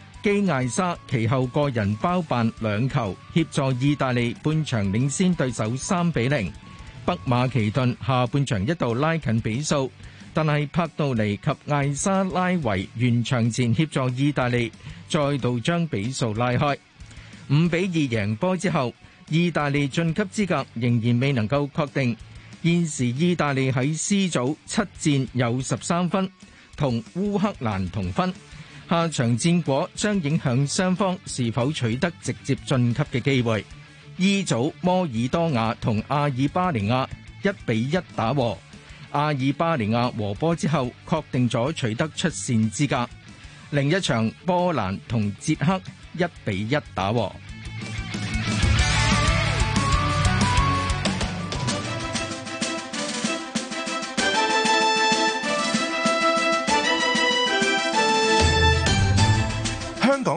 基艾莎其後個人包辦兩球，協助意大利半場領先對手三比零。北馬其頓下半場一度拉近比數，但係帕杜尼及艾莎拉維完場前協助意大利再度將比數拉開，五比二贏波之後，意大利晉級資格仍然未能夠確定。現時意大利喺 C 組七戰有十三分，同烏克蘭同分。下場戰果將影響雙方是否取得直接晉級嘅機會。E 組摩爾多瓦同阿爾巴尼亞一比一打和，阿爾巴尼亞和波之後確定咗取得出線資格。另一場波蘭同捷克一比一打和。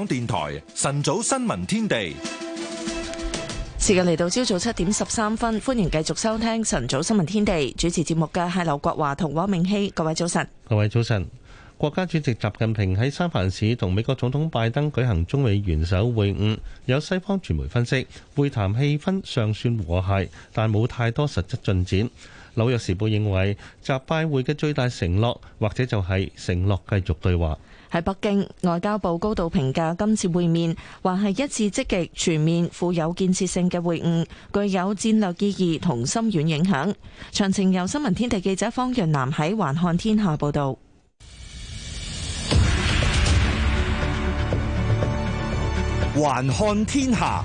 電台晨早新聞天地，時間嚟到朝早七點十三分，歡迎繼續收聽晨早新聞天地。主持節目嘅係劉國華同汪明熙。各位早晨，各位早晨。國家主席習近平喺三藩市同美國總統拜登舉行中美元首會晤，有西方傳媒分析，會談氣氛尚算和諧，但冇太多實質進展。紐約時報認為，習拜會嘅最大承諾，或者就係承諾繼續對話。喺北京，外交部高度評價今次會面，話係一次積極、全面、富有建設性嘅會晤，具有戰略意義同深遠影響。詳情由新聞天地記者方潤南喺《環看天下》報道，《環看天下》。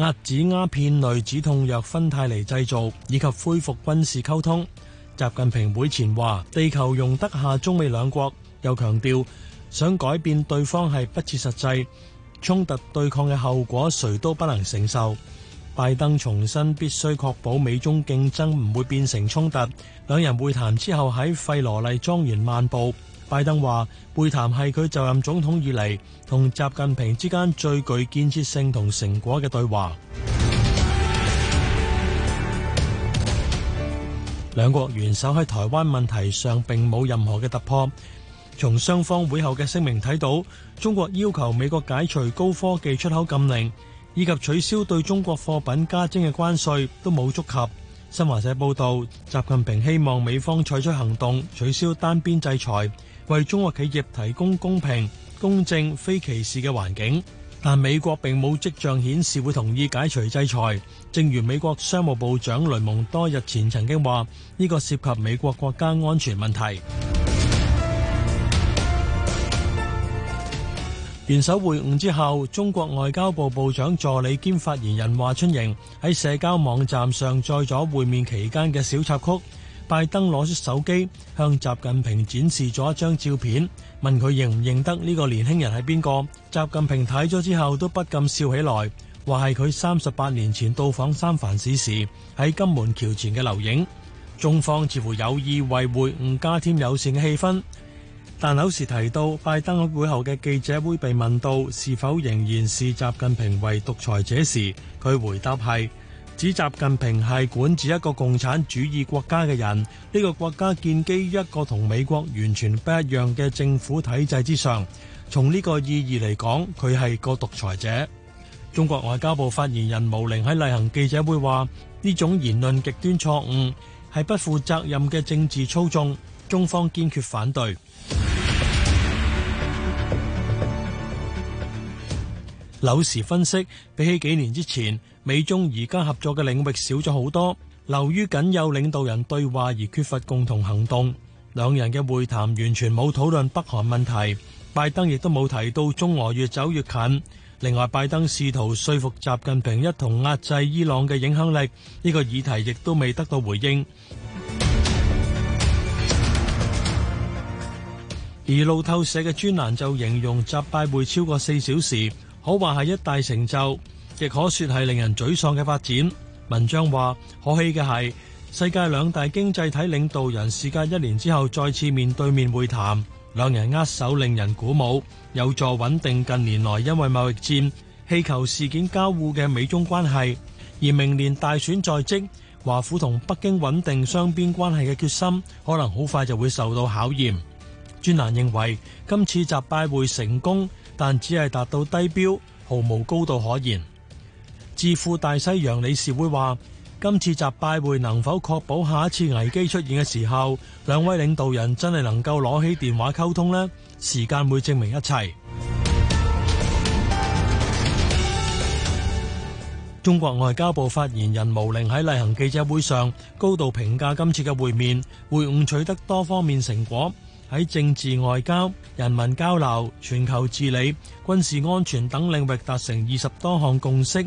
遏止阿片類止痛藥芬太尼製造，以及恢復軍事溝通。習近平會前話：地球容得下中美兩國，又強調想改變對方係不切實際。衝突對抗嘅後果，誰都不能承受。拜登重申必須確保美中競爭唔會變成衝突。兩人會談之後喺費羅麗莊園漫步。拜登話會談係佢就任總統以嚟同習近平之間最具建設性同成果嘅對話。兩國元首喺台灣問題上並冇任何嘅突破。從雙方會後嘅聲明睇到，中國要求美國解除高科技出口禁令，以及取消對中國貨品加徵嘅關稅都冇觸及。新華社報道，習近平希望美方採取行動，取消單邊制裁。為中國企業提供公平、公正、非歧視嘅環境，但美國並冇跡象顯示會同意解除制裁。正如美國商務部長雷蒙多日前曾經話：呢個涉及美國國家安全問題。元 首會晤之後，中國外交部部長助理兼發言人華春瑩喺社交網站上，上載咗會面期間嘅小插曲。拜登攞出手機向習近平展示咗一張照片，問佢認唔認得呢個年輕人係邊個。習近平睇咗之後都不禁笑起來，話係佢三十八年前到訪三藩市時喺金門橋前嘅留影。中方似乎有意為會晤加添友善嘅氣氛，但有時提到拜登喺會後嘅記者會被問到是否仍然視習近平為獨裁者時，佢回答係。指習近平係管治一個共產主義國家嘅人，呢、這個國家建基於一個同美國完全不一樣嘅政府體制之上。從呢個意義嚟講，佢係個獨裁者。中國外交部發言人毛寧喺例行記者會話：呢種言論極端錯誤，係不負責任嘅政治操縱，中方堅決反對。 柳時分析，比起幾年之前，美中而家合作嘅領域少咗好多，由於僅有領導人對話而缺乏共同行動。兩人嘅會談完全冇討論北韓問題，拜登亦都冇提到中俄越走越近。另外，拜登試圖說服習近平一同壓制伊朗嘅影響力，呢個議題亦都未得到回應。而路透社嘅專欄就形容習拜會超過四小時，可話係一大成就。亦可說係令人沮喪嘅發展。文章話：可喜嘅係，世界兩大經濟體領導人事隔一年之後再次面對面會談，兩人握手令人鼓舞，有助穩定近年來因為貿易戰、氣球事件交惡嘅美中關係。而明年大選在即，華府同北京穩定雙邊關係嘅決心，可能好快就會受到考驗。專欄認為，今次習拜會成功，但只係達到低標，毫無高度可言。智庫大西洋理事會話：今次集拜會能否確保下一次危機出現嘅時候，兩位領導人真係能夠攞起電話溝通呢？時間會證明一切。 中國外交部發言人毛寧喺例行記者會上高度評價今次嘅會面會晤取得多方面成果，喺政治外交、人民交流、全球治理、軍事安全等領域達成二十多項共識。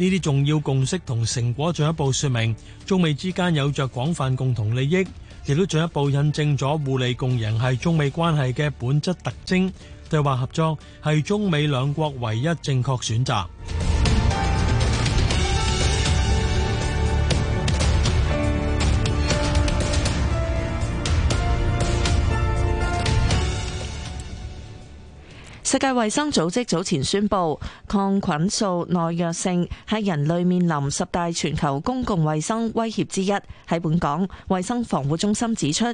呢啲重要共識同成果進一步說明，中美之間有着廣泛共同利益，亦都進一步印證咗互利共贏係中美關係嘅本質特徵，對話合作係中美兩國唯一正確選擇。世界衛生組織早前宣布，抗菌素耐藥性係人類面臨十大全球公共衛生威脅之一。喺本港，衞生防護中心指出，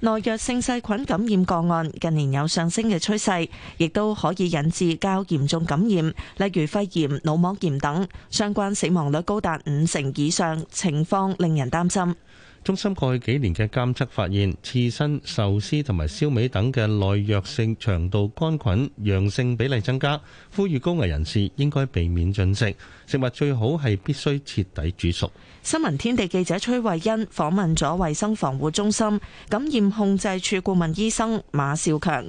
耐藥性細菌感染個案近年有上升嘅趨勢，亦都可以引致較嚴重感染，例如肺炎、腦膜炎等，相關死亡率高達五成以上，情況令人擔心。中心過去幾年嘅監測發現，刺身、壽司同埋燒味等嘅耐藥性腸道桿菌陽性比例增加，呼籲高危人士應該避免進食。食物最好係必須徹底煮熟。新聞天地記者崔慧欣訪問咗衛生防護中心感染控制處顧問醫生馬少強，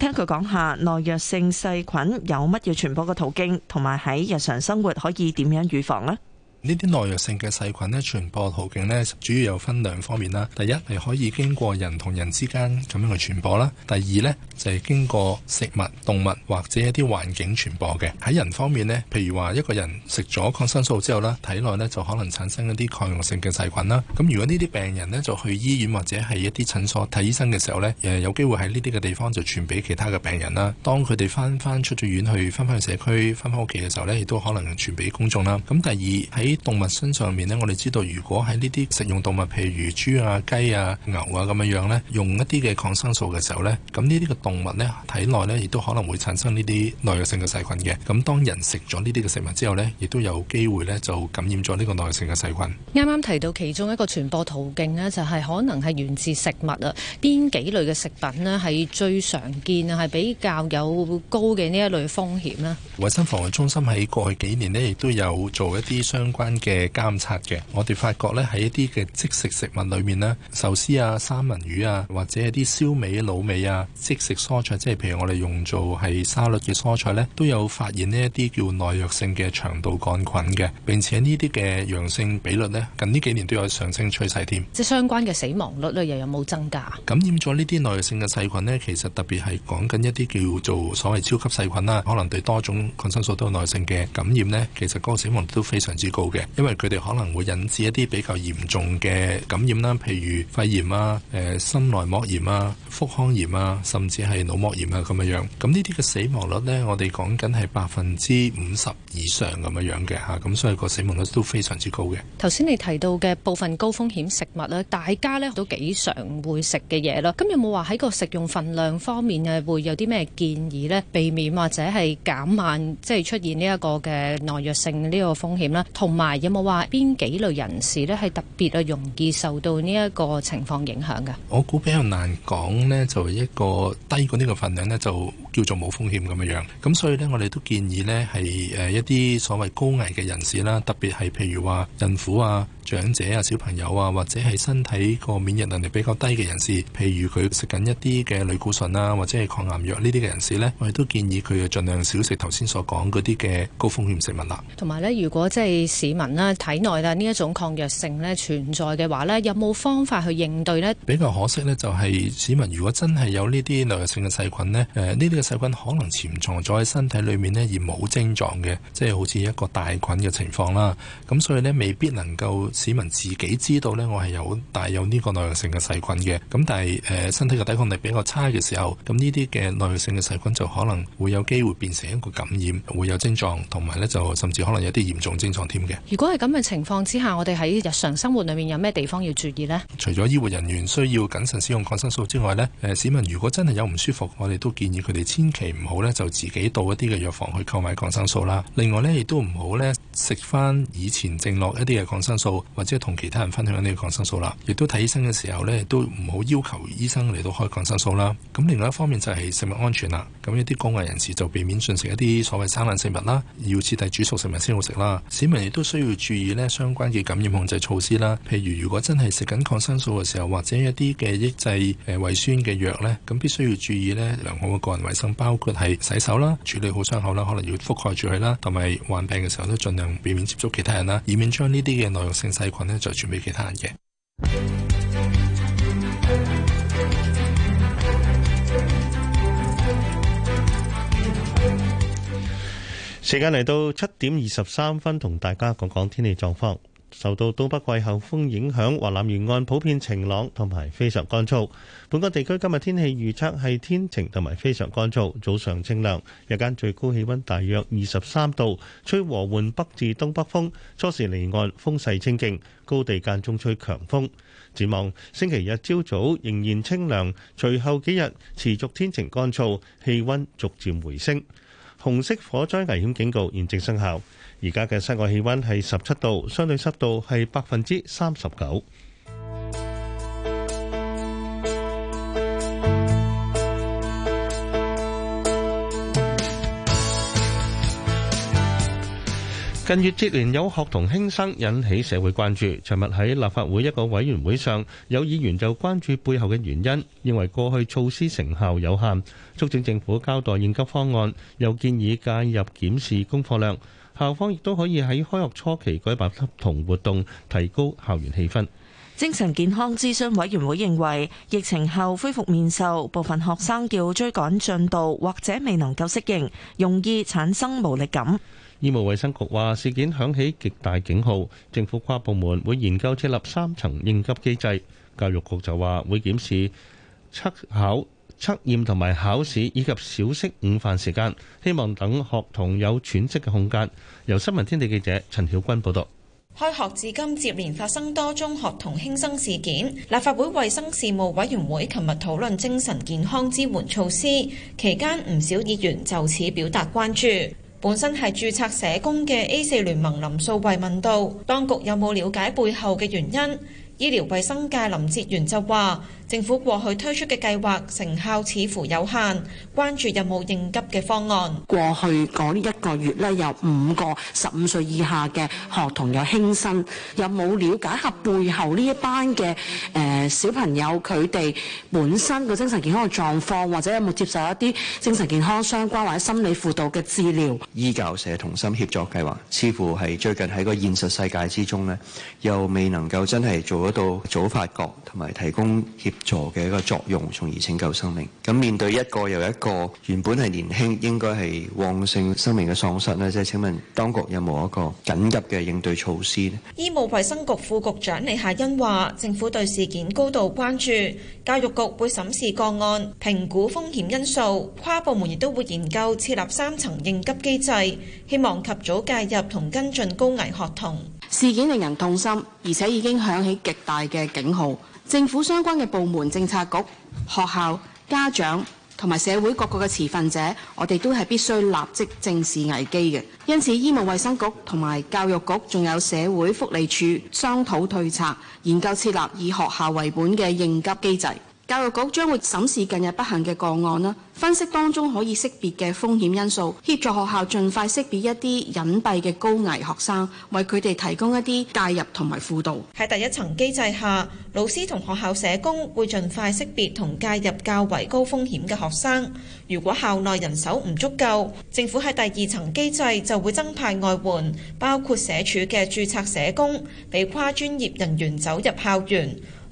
聽佢講下耐藥性細菌有乜嘢傳播嘅途徑，同埋喺日常生活可以點樣預防呢？藥呢啲耐藥性嘅細菌咧，傳播途徑咧，主要有分兩方面啦。第一係可以經過人同人之間咁樣去傳播啦。第二呢，就係經過食物、動物或者一啲環境傳播嘅。喺人方面呢，譬如話一個人食咗抗生素之後啦，體內呢就可能產生一啲抗藥性嘅細菌啦。咁如果呢啲病人呢就去醫院或者係一啲診所睇醫生嘅時候呢，誒有機會喺呢啲嘅地方就傳俾其他嘅病人啦。當佢哋翻翻出咗院去翻返去社區翻返屋企嘅時候呢，亦都可能傳俾公眾啦。咁第二喺動物身上面呢，我哋知道，如果喺呢啲食用動物，譬如豬啊、雞啊、牛啊咁樣樣咧，用一啲嘅抗生素嘅時候呢，咁呢啲嘅動物呢，體內呢，亦都可能會產生呢啲耐藥性嘅細菌嘅。咁當人食咗呢啲嘅食物之後呢，亦都有機會呢，就感染咗呢個耐性嘅細菌。啱啱提到其中一個傳播途徑呢，就係可能係源自食物啊。邊幾類嘅食品呢，係最常見啊，係比較有高嘅呢一類風險咧？衞生防護中心喺過去幾年呢，亦都有做一啲相關嘅監察嘅，我哋發覺呢，喺一啲嘅即食食物裏面咧，壽司啊、三文魚啊，或者一啲燒味、滷味啊，即食蔬菜，即係譬如我哋用做係沙律嘅蔬菜呢，都有發現呢一啲叫耐藥性嘅腸道桿菌嘅，並且呢啲嘅陽性比率呢，近呢幾年都有上升趨勢添。即相關嘅死亡率咧，又有冇增加？感染咗呢啲耐藥性嘅細菌呢，其實特別係講緊一啲叫做所謂超級細菌啦，可能對多種抗生素都有耐性嘅感染呢，其實嗰個死亡率都非常之高。嘅，因為佢哋可能會引致一啲比較嚴重嘅感染啦，譬如肺炎啊、誒心內膜炎啊、腹腔炎啊，甚至係腦膜炎啊咁樣樣。咁呢啲嘅死亡率呢，我哋講緊係百分之五十以上咁樣樣嘅吓，咁所以個死亡率都非常之高嘅。頭先你提到嘅部分高風險食物咧，大家呢都幾常會食嘅嘢咯。咁有冇話喺個食用份量方面誒會有啲咩建議呢？避免或者係減慢即係出現呢一個嘅耐藥性呢個風險啦？同同埋有冇話邊幾類人士咧係特別啊？容易受到呢一個情況影響㗎？我估比較難講咧，就是、一個低過呢個份量咧就，叫做冇風險咁樣，咁所以呢，我哋都建議呢係誒一啲所謂高危嘅人士啦，特別係譬如話孕婦啊、長者啊、小朋友啊，或者係身體個免疫能力比較低嘅人士，譬如佢食緊一啲嘅類固醇啊，或者係抗癌藥呢啲嘅人士呢，我哋都建議佢盡量少食頭先所講嗰啲嘅高風險食物啦。同埋呢，如果即係市民啦體內啦呢一種抗藥性呢存在嘅話呢，有冇方法去應對呢？比較可惜呢，就係市民如果真係有呢啲耐藥性嘅細菌呢，誒呢啲細菌可能潛藏咗喺身體裏面呢，而冇症狀嘅，即係好似一個帶菌嘅情況啦。咁所以呢，未必能夠市民自己知道呢，我係有帶有呢個耐藥性嘅細菌嘅。咁但係誒、呃、身體嘅抵抗力比較差嘅時候，咁呢啲嘅耐藥性嘅細菌就可能會有機會變成一個感染，會有症狀，同埋呢就甚至可能有啲嚴重症狀添嘅。如果係咁嘅情況之下，我哋喺日常生活裏面有咩地方要注意呢？除咗醫護人員需要謹慎使用抗生素之外呢，誒、呃、市民如果真係有唔舒服，我哋都建議佢哋。千祈唔好呢，就自己到一啲嘅藥房去購買抗生素啦。另外呢，亦都唔好呢，食翻以前剩落一啲嘅抗生素，或者同其他人分享呢啲抗生素啦。亦都睇醫生嘅時候呢，都唔好要，要求醫生嚟到開抗生素啦。咁另外一方面就係食物安全啦。咁一啲高危人士就避免進食一啲所謂生冷食物啦，要徹底煮熟食物先好食啦。市民亦都需要注意呢相關嘅感染控制措施啦。譬如如果真係食緊抗生素嘅時候，或者一啲嘅抑制誒胃酸嘅藥呢，咁必須要注意呢良好嘅個人衞生。咁包括係洗手啦，處理好傷口啦，可能要覆蓋住佢啦，同埋患病嘅時候都盡量避免接觸其他人啦，以免將呢啲嘅耐藥性細菌咧再傳俾其他人嘅。時間嚟到七點二十三分，同大家講講天氣狀況。受到東北季候風影響，華南沿岸普遍晴朗同埋非常乾燥。本港地區今日天，天氣預測係天晴同埋非常乾燥，早上清涼，日間最高氣温大約二十三度，吹和緩北至東北風，初時離岸風勢清勁，高地間中吹強風。展望星期日朝早仍然清涼，隨後幾日持續天晴乾燥，氣温逐漸回升。紅色火災危險警告現正生效。而家嘅室外氣溫係十七度，相對濕度係百分之三十九。近月接連有學童輕生，引起社會關注。尋日喺立法會一個委員會上，有議員就關注背後嘅原因，認為過去措施成效有限，促請政府交代應急方案，又建議介入檢視功課量。校方亦都可以喺開學初期舉辦級同活動，提高校園氣氛。精神健康諮詢委員會認為，疫情後恢復面授，部分學生叫追趕進度，或者未能夠適應，容易產生無力感。醫務衛生局話事件響起極大警號，政府跨部門會研究設立三層應急機制。教育局就話會檢視測考。測驗同埋考試以及小息、午飯時間，希望等學童有喘息嘅空間。由新聞天地記者陳曉君報道。開學至今接連發生多宗學童輕生事件，立法會衞生事務委員會琴日討論精神健康支援措施期間，唔少議員就此表達關注。本身係註冊社工嘅 A 四聯盟林素慧問道：當局有冇了解背後嘅原因？醫療衛生界林哲玄就話。政府過去推出嘅計劃成效似乎有限，關注有冇應急嘅方案。過去嗰一個月咧，有五個十五歲以下嘅學童有輕生，有冇了解下背後呢一班嘅誒小朋友佢哋本身個精神健康嘅狀況，或者有冇接受一啲精神健康相關或者心理輔導嘅治療？醫教社同心協助計劃似乎係最近喺個現實世界之中咧，又未能夠真係做得到早發覺同埋提供協助嘅一個作用，從而拯救生命。咁面對一個又一個原本係年輕、應該係旺盛生命嘅喪失咧，即係請問當局有冇一個緊急嘅應對措施咧？醫務衛生局副局長李夏欣話：政府對事件高度關注，教育局會審視個案，評估風險因素，跨部門亦都會研究設立三層應急機制，希望及早介入同跟進高危學童。事件令人痛心，而且已經響起極大嘅警號。政府相關嘅部門、政策局、學校、家長同埋社會各個嘅持份者，我哋都係必須立即正視危機嘅。因此，醫務衛生局同埋教育局仲有社會福利署商討對策、研究設立以學校為本嘅應急機制。教育局將會審視近日不幸嘅個案啦，分析當中可以識別嘅風險因素，協助學校盡快識別一啲隱蔽嘅高危學生，為佢哋提供一啲介入同埋輔導。喺第一層機制下，老師同學校社工會盡快識別同介入較為高風險嘅學生。如果校內人手唔足夠，政府喺第二層機制就會增派外援，包括社署嘅註冊社工，畀跨專業人員走入校園。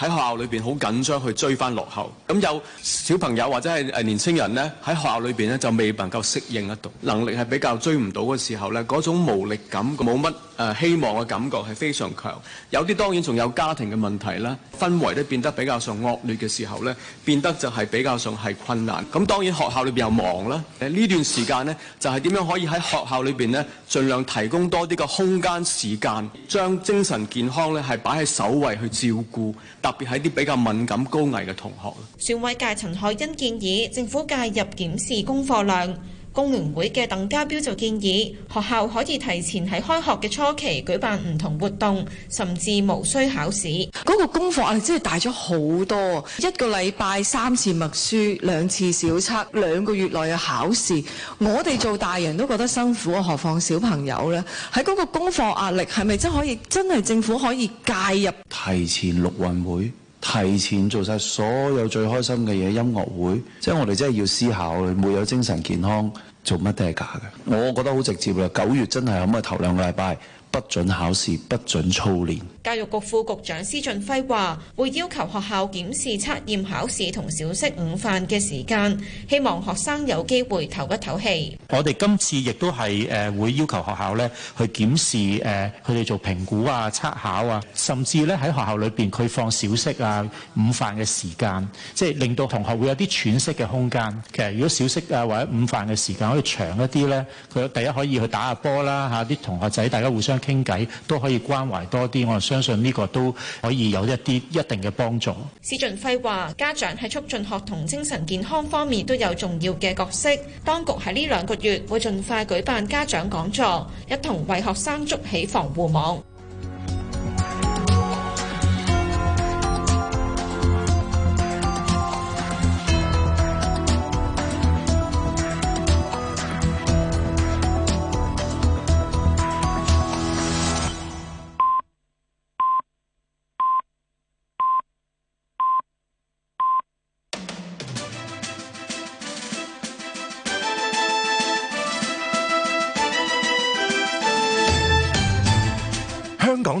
喺學校裏邊好緊張去追翻落後，咁有小朋友或者係誒年青人呢，喺學校裏邊呢，就未能夠適應得到，能力係比較追唔到嘅時候呢，嗰種無力感、冇乜誒希望嘅感覺係非常強。有啲當然仲有家庭嘅問題啦，氛圍都變得比較上惡劣嘅時候呢，變得就係比較上係困難。咁當然學校裏邊又忙啦，呢段時間呢，就係點樣可以喺學校裏邊呢，盡量提供多啲嘅空間時間，將精神健康呢，係擺喺首位去照顧。特別係啲比較敏感高危嘅同學，啦。選委界陳凱欣建議政府介入檢視功課量。工聯會嘅鄧家彪就建議學校可以提前喺開學嘅初期舉辦唔同活動，甚至無需考試。嗰個功課壓力真係大咗好多，一個禮拜三次默書，兩次小測，兩個月內嘅考試，我哋做大人都覺得辛苦，何況小朋友呢？喺嗰個功課壓力係咪真可以真係政府可以介入？提前陸運會。提前做曬所有最開心嘅嘢，音樂會，即係我哋真係要思考，沒有精神健康，做乜都係假嘅。我覺得好直接啦，九月真係咁嘅頭兩個禮拜，不准考試，不准操練。教育局副局長施俊輝話，會要求學校檢視測驗考試同小息午飯嘅時間，希望學生有機會唞一唞氣。我哋今次亦都係誒會要求學校咧去檢視誒佢哋做評估啊、測考啊，甚至咧喺學校裏邊佢放小息啊、午飯嘅時間，即係令到同學會有啲喘息嘅空間。其實如果小息啊或者午飯嘅時間可以長一啲咧，佢第一可以去打下波啦吓，啲同學仔大家互相傾偈都可以關懷多啲我。相信呢個都可以有一啲一定嘅幫助。史俊輝話：家長喺促進學童精神健康方面都有重要嘅角色。當局喺呢兩個月會盡快舉辦家長講座，一同為學生築起防護網。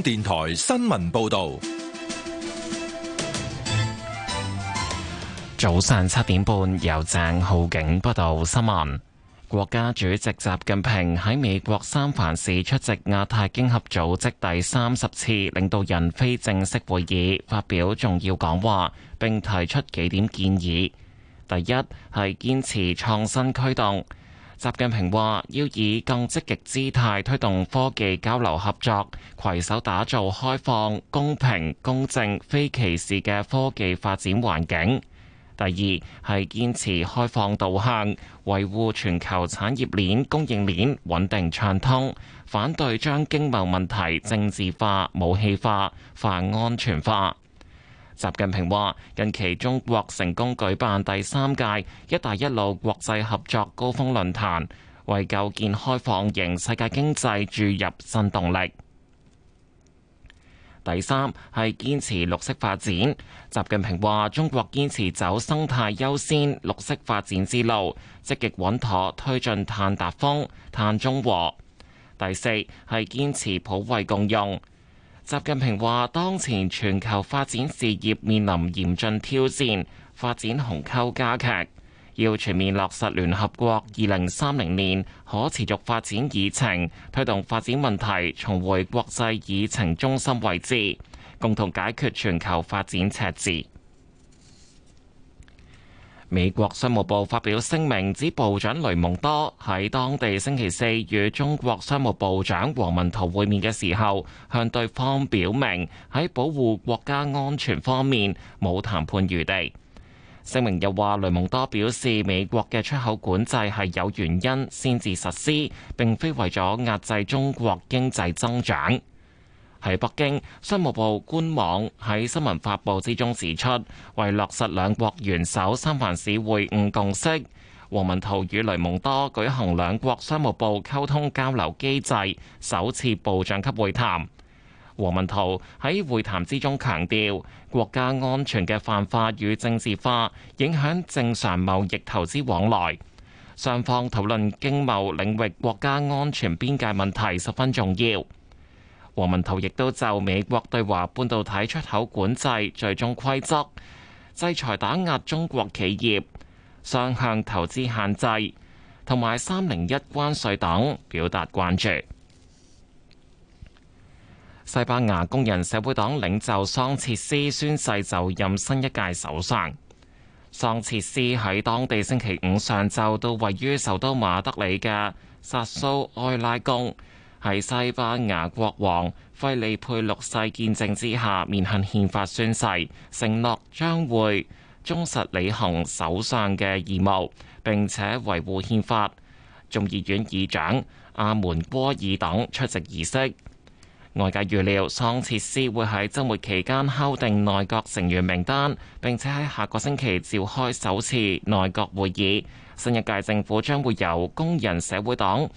香港電台新聞報道，早上七點半由鄭浩景報道新聞。國家主席習近平喺美國三藩市出席亞太經合組織第三十次領導人非正式會議，發表重要講話，並提出幾點建議。第一係堅持創新驅動。習近平話：要以更積極姿態推動科技交流合作，攜手打造開放、公平、公正、非歧視嘅科技發展環境。第二係堅持開放導向，維護全球產業鏈、供應鏈穩定暢通，反對將經貿問題政治化、武器化、泛安全化。習近平話：近期中國成功舉辦第三屆“一帶一路”國際合作高峰論壇，為構建開放型世界經濟注入新動力。第三係堅持綠色發展。習近平話：中國堅持走生態優先、綠色發展之路，積極穩妥推進碳達峰、碳中和。第四係堅持普惠共用。習近平話：當前全球發展事業面臨嚴峻挑戰，發展鴻溝加劇，要全面落實聯合國二零三零年可持續發展議程，推動發展問題重回國際議程中心位置，共同解決全球發展赤字。美國商務部發表聲明，指部長雷蒙多喺當地星期四與中國商務部長王文濤會面嘅時候，向對方表明喺保護國家安全方面冇談判餘地。聲明又話，雷蒙多表示美國嘅出口管制係有原因先至實施，並非為咗壓制中國經濟增長。喺北京，商務部官網喺新聞發佈之中指出，為落實兩國元首三藩市會晤共識，王文濤與雷蒙多舉行兩國商務部溝通交流機制首次部長級會談。王文濤喺會談之中強調，國家安全嘅泛化與政治化影響正常貿易投資往來，雙方討論經貿領域國家安全邊界問題十分重要。王文濤亦都就美國對華半導體出口管制最終規則制裁、打壓中國企業雙向投資限制同埋三零一關稅等表達關注。西班牙工人社會黨領袖桑切斯宣誓就任新一屆首相。桑切斯喺當地星期五上晝到位於首都馬德里嘅薩蘇埃拉宮。喺西班牙國王費利佩六世見證之下，面向憲法宣誓，承諾將會忠實履行首相嘅義務，並且維護憲法。眾議院議長阿門波爾等出席儀式。外界預料桑切斯會喺週末期間敲定內閣成員名單，並且喺下個星期召開首次內閣會議。新一屆政府將會由工人社會黨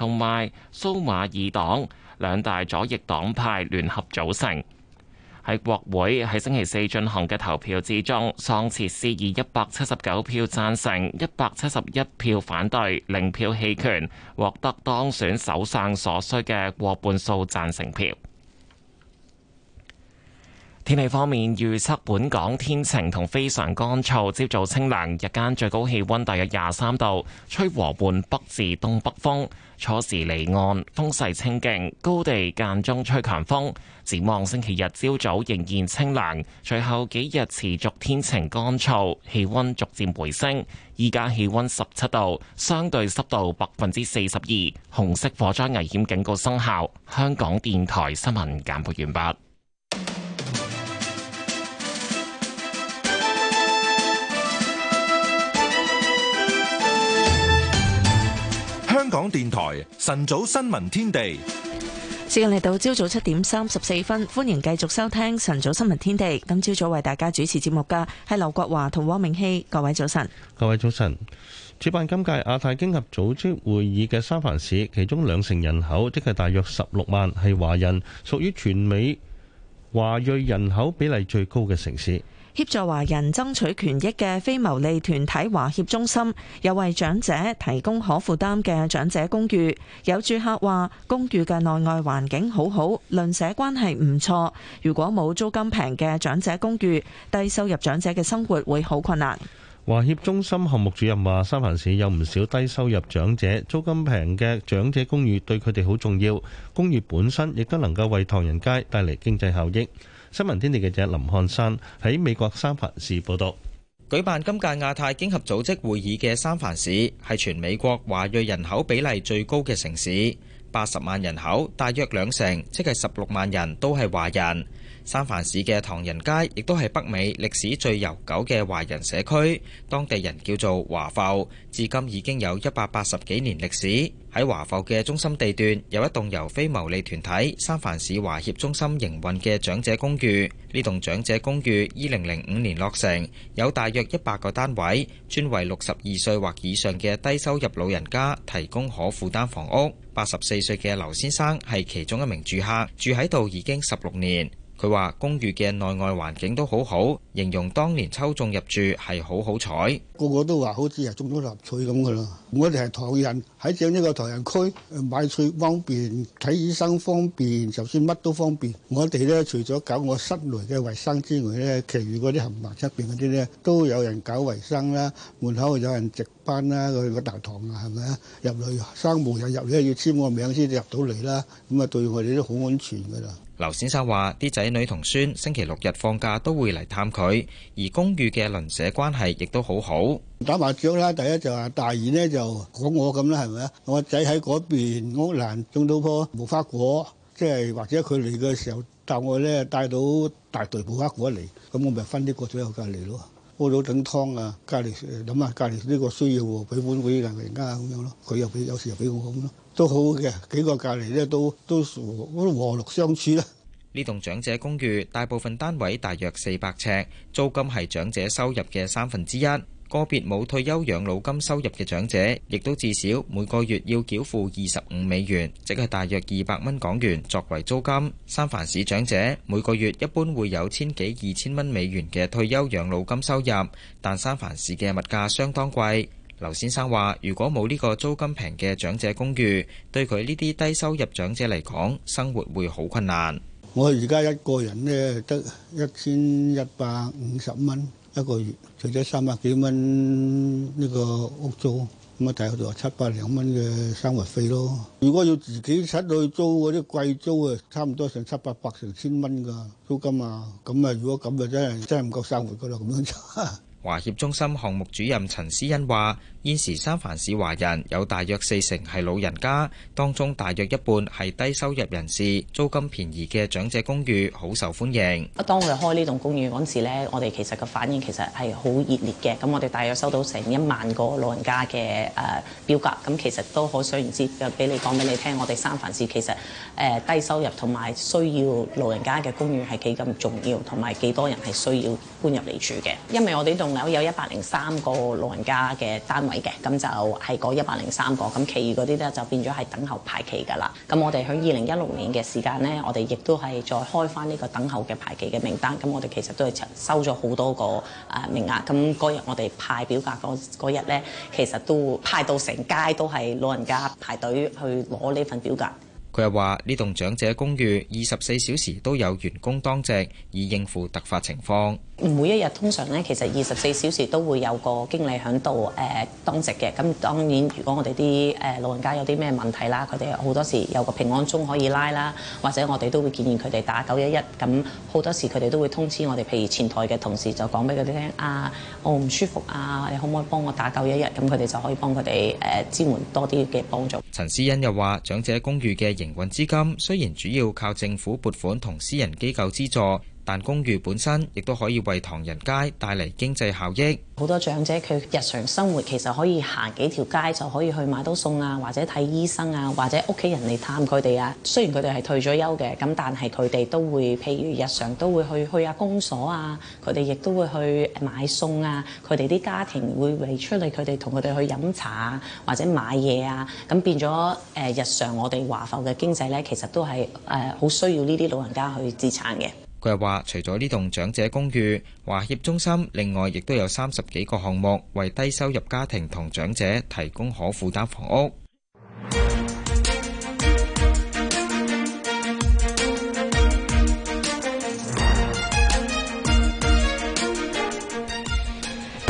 同埋蘇馬爾黨兩大左翼黨派聯合組成，喺國會喺星期四進行嘅投票之中，桑切斯以一百七十九票贊成、一百七十一票反對、零票棄權，獲得當選首相所需嘅過半數贊成票。天氣方面，預測本港天晴同非常乾燥，朝早清涼，日間最高氣溫大約廿三度，吹和緩北至東北風，初時離岸，風勢清勁，高地間中吹強風。展望星期日朝早仍然清涼，隨後幾日持續天晴乾燥，氣溫逐漸回升。依家氣溫十七度，相對濕度百分之四十二，紅色火災危險警告生效。香港電台新聞簡報完畢。香港電台晨早新聞天地，時間嚟到朝早七點三十四分，歡迎繼續收聽晨早新聞天地。今朝早為大家主持節目嘅係劉國華同汪明熙。各位早晨，各位早晨。主辦今屆亞太經合組織會議嘅三藩市，其中兩成人口，即係大約十六萬，係華人，屬於全美華裔人口比例最高嘅城市。協助華人爭取權益嘅非牟利團體華協中心，又為長者提供可負擔嘅長者公寓。有住客話，公寓嘅內外環境好好，鄰舍關係唔錯。如果冇租金平嘅長者公寓，低收入長者嘅生活會好困難。華協中心項目主任話，三藩市有唔少低收入長者，租金平嘅長者公寓對佢哋好重要。公寓本身亦都能夠為唐人街帶嚟經濟效益。新聞天地記者林漢山喺美國三藩市報道，舉辦今屆亞太經合組織會議嘅三藩市係全美國華裔人口比例最高嘅城市，八十萬人口，大約兩成，即係十六萬人都係華人。三藩市嘅唐人街亦都係北美歷史最悠久嘅華人社區，當地人叫做華埠。至今已經有一百八十幾年歷史。喺華埠嘅中心地段有一棟由非牟利團體三藩市華協中心營運嘅長者公寓。呢棟長者公寓二零零五年落成，有大約一百個單位，專為六十二歲或以上嘅低收入老人家提供可負擔房屋。八十四歲嘅劉先生係其中一名住客，住喺度已經十六年。佢話公寓嘅內外環境都好好，形容當年抽中入住係好好彩，個個都話好似係中咗六合彩咁噶啦。我哋係唐人喺正呢個唐人區，買菜方便，睇醫生方便，就算乜都方便。我哋咧除咗搞我室內嘅衞生之外咧，其餘嗰啲行埋出邊嗰啲咧都有人搞衞生啦，門口有人值班啦，去個大堂啊，係咪啊？入去生毛人入咧，要簽我名先至入到嚟啦。咁啊，對我哋都好安全噶啦。劉先生話：啲仔女同孫星期六日放假都會嚟探佢，而公寓嘅鄰舍關係亦都好好。打麻雀啦，第一就話大兒咧就講我咁啦，係咪啊？我仔喺嗰邊屋欄種到棵無花果，即係或者佢嚟嘅時候搭我咧帶到大袋無花果嚟，咁我咪分啲果仔去隔籬咯。煲到整湯啊，隔籬諗啊，隔籬呢個需要，俾碗俾人家咁樣咯。佢又俾有時又俾我咁咯。都好嘅，幾個隔離咧都都和睦相處啦。呢棟長者公寓大部分單位大約四百尺，租金係長者收入嘅三分之一。個別冇退休養老金收入嘅長者，亦都至少每個月要繳付二十五美元，即係大約二百蚊港元作為租金。三藩市長者每個月一般會有千幾二千蚊美元嘅退休養老金收入，但三藩市嘅物價相當貴。劉先生話，如果冇呢個租金平嘅長者公寓，對佢呢啲低收入長者嚟講，生活會好困難。我而家一個人呢，得一千一百五十蚊一個月，除咗三百幾蚊呢個屋租，咁、嗯、啊，就七百零蚊嘅生活費咯。如果要自己出去租嗰啲貴租啊，差唔多成七八百成千蚊噶租金啊，咁啊，如果咁啊，真係真係唔夠生活噶啦，咁樣 華協中心項目主任陳思欣話，現時三藩市華人有大約四成係老人家，當中大約一半係低收入人士，租金便宜嘅長者公寓好受歡迎。啊，當我哋開呢棟公寓嗰陣時呢，我哋其實個反應其實係好熱烈嘅。咁我哋大約收到成一萬個老人家嘅誒表格，咁其實都可想而知嘅。俾你講俾你聽，我哋三藩市其實誒低收入同埋需要老人家嘅公寓係幾咁重要，同埋幾多人係需要。搬入嚟住嘅，因為我哋棟樓有一百零三個老人家嘅單位嘅，咁就係嗰一百零三個咁，其餘嗰啲咧就變咗係等候排期㗎啦。咁我哋喺二零一六年嘅時間咧，我哋亦都係再開翻呢個等候嘅排期嘅名單。咁我哋其實都係收咗好多個啊名額。咁嗰日我哋派表格嗰日咧，其實都派到成街都係老人家排隊去攞呢份表格。佢又話：呢棟長者公寓二十四小時都有員工當值，以應付突發情況。每一日通常咧，其實二十四小時都會有個經理喺度誒當值嘅。咁當然，如果我哋啲誒老人家有啲咩問題啦，佢哋好多時有個平安鐘可以拉啦，或者我哋都會建議佢哋打九一一。咁好多時佢哋都會通知我哋，譬如前台嘅同事就講俾佢哋聽：啊，我、哦、唔舒服啊，你可唔可以幫我打九一一？咁佢哋就可以幫佢哋誒支援多啲嘅幫助。陳思欣又話：長者公寓嘅營運資金雖然主要靠政府撥款同私人機構資助。辦公寓本身亦都可以為唐人街帶嚟經濟效益。好多長者佢日常生活其實可以行幾條街就可以去買到餸啊，或者睇醫生啊，或者屋企人嚟探佢哋啊。雖然佢哋係退咗休嘅，咁但係佢哋都會譬如日常都會去去下公所啊，佢哋亦都會去買餸啊。佢哋啲家庭會嚟出嚟，佢哋同佢哋去飲茶啊，或者買嘢啊。咁變咗誒日常我哋華埠嘅經濟呢，其實都係誒好需要呢啲老人家去支撐嘅。佢又話：除咗呢棟長者公寓、華協中心，另外亦都有三十幾個項目，為低收入家庭同長者提供可負擔房屋。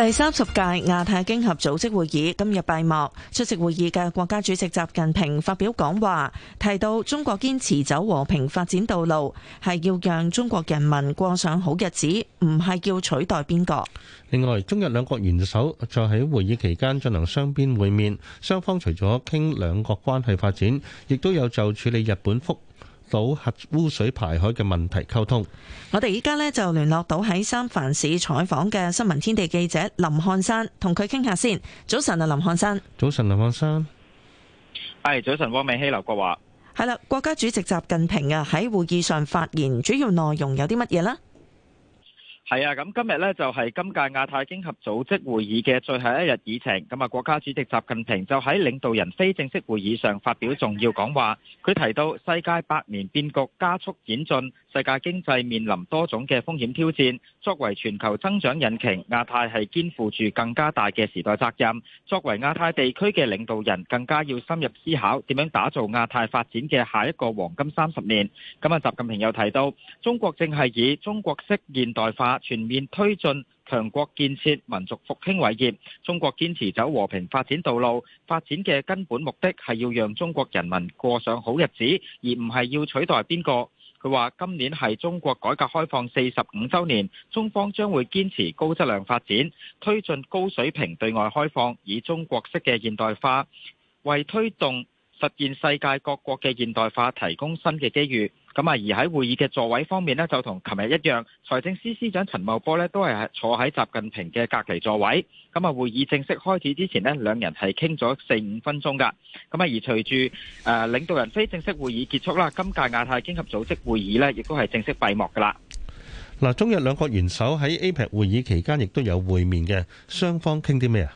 第三十屆亞太經合組織會議今日閉幕，出席會議嘅國家主席習近平發表講話，提到中國堅持走和平發展道路，係要讓中國人民過上好日子，唔係要取代邊個。另外，中日兩國元首在喺會議期間進行雙邊會面，雙方除咗傾兩國關係發展，亦都有就處理日本福。到核污水排海嘅問題溝通。我哋而家咧就聯絡到喺三藩市採訪嘅新聞天地記者林漢山，同佢傾下先。早晨啊，林漢山。早晨，林漢山。係早晨，汪美希、劉國華。係啦，國家主席習近平啊喺會議上發言，主要內容有啲乜嘢咧？係啊，咁今日呢就係今屆亞太經合組織會議嘅最後一日議程。咁啊，國家主席習近平就喺領導人非正式會議上發表重要講話。佢提到世界百年變局加速演進，世界經濟面臨多種嘅風險挑戰。作為全球增長引擎，亞太係肩負住更加大嘅時代責任。作為亞太地區嘅領導人，更加要深入思考點樣打造亞太發展嘅下一個黃金三十年。咁啊，習近平又提到中國正係以中國式現代化。全面推進強國建設、民族復興偉業。中國堅持走和平發展道路，發展嘅根本目的係要讓中國人民過上好日子，而唔係要取代邊個。佢話：今年係中國改革開放四十五週年，中方將會堅持高質量發展，推進高水平對外開放，以中國式嘅現代化為推動。實現世界各國嘅現代化提供新嘅機遇。咁啊，而喺會議嘅座位方面呢，就同琴日一樣，財政司司長陳茂波咧都係坐喺習近平嘅隔籬座位。咁啊，會議正式開始之前呢，兩人係傾咗四五分鐘噶。咁啊，而隨住誒領導人非正式會議結束啦，今屆亞太經合組織會議呢亦都係正式閉幕噶啦。嗱，中日兩國元首喺 APEC 會議期間亦都有會面嘅，雙方傾啲咩啊？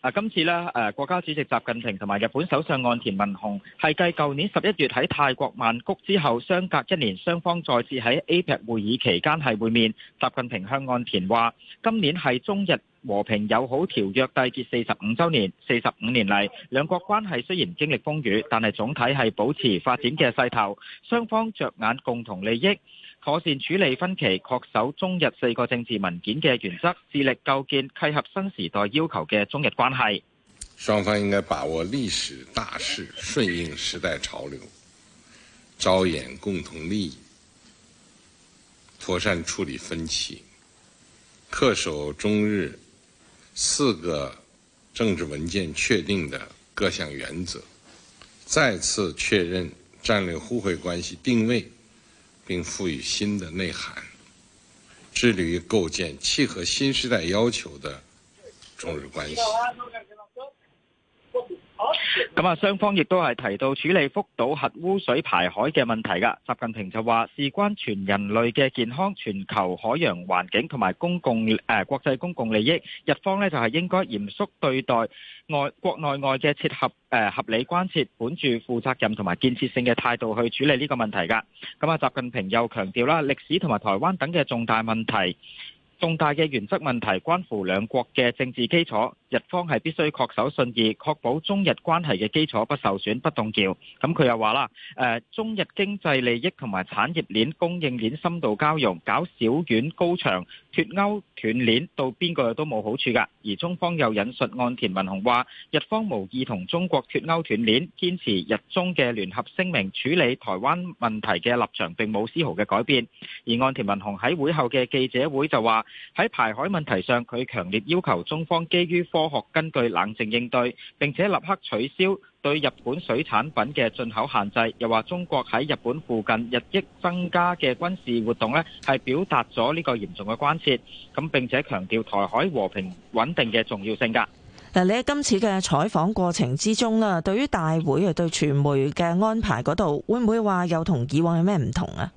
啊！今次呢，誒國家主席習近平同埋日本首相岸田文雄係繼舊年十一月喺泰國曼谷之後相隔一年，雙方再次喺 APEC 會議期間係會面。習近平向岸田話：今年係中日和平友好條約締結四十五週年，四十五年嚟兩國關係雖然經歷風雨，但係總體係保持發展嘅勢頭。雙方着眼共同利益，妥善處理分歧，恪守中日四個政治文件嘅原則，致力構建契合新時代要求嘅中日關係。雙方應該把握歷史大勢，順應時代潮流，着眼共同利益，妥善處理分歧，恪守中日四個政治文件確定的各項原則，再次確認戰略互惠關係定位。並賦予新的內涵，致力於構建契合新時代要求的中日關係。咁啊，雙方亦都係提到處理福島核污水排海嘅問題噶。習近平就話，事關全人類嘅健康、全球海洋環境同埋公共誒、呃、國際公共利益，日方呢，就係、是、應該嚴肅對待外國內外嘅切合誒、呃、合理關切，本住負責任同埋建設性嘅態度去處理呢個問題噶。咁、嗯、啊，習近平又強調啦，歷史同埋台灣等嘅重大問題、重大嘅原則問題，關乎兩國嘅政治基礎。日方係必須恪守信義，確保中日關係嘅基礎不受損、不動搖。咁佢又話啦：誒，中日經濟利益同埋產業鏈、供應鏈深度交融，搞小院高牆、脱歐斷鏈，到邊個都冇好處㗎。而中方又引述岸田文雄話：日方無意同中國脱歐斷鏈，堅持日中嘅聯合聲明處理台灣問題嘅立場並冇絲毫嘅改變。而岸田文雄喺會後嘅記者會就話：喺排海問題上，佢強烈要求中方基於科學根據，冷靜應對，並且立刻取消對日本水產品嘅進口限制。又話中國喺日本附近日益增加嘅軍事活動呢，係表達咗呢個嚴重嘅關切。咁並且強調台海和平穩定嘅重要性噶。嗱，你喺今次嘅採訪過程之中啦，對於大會啊，對傳媒嘅安排嗰度，會唔會話又同以往有咩唔同啊？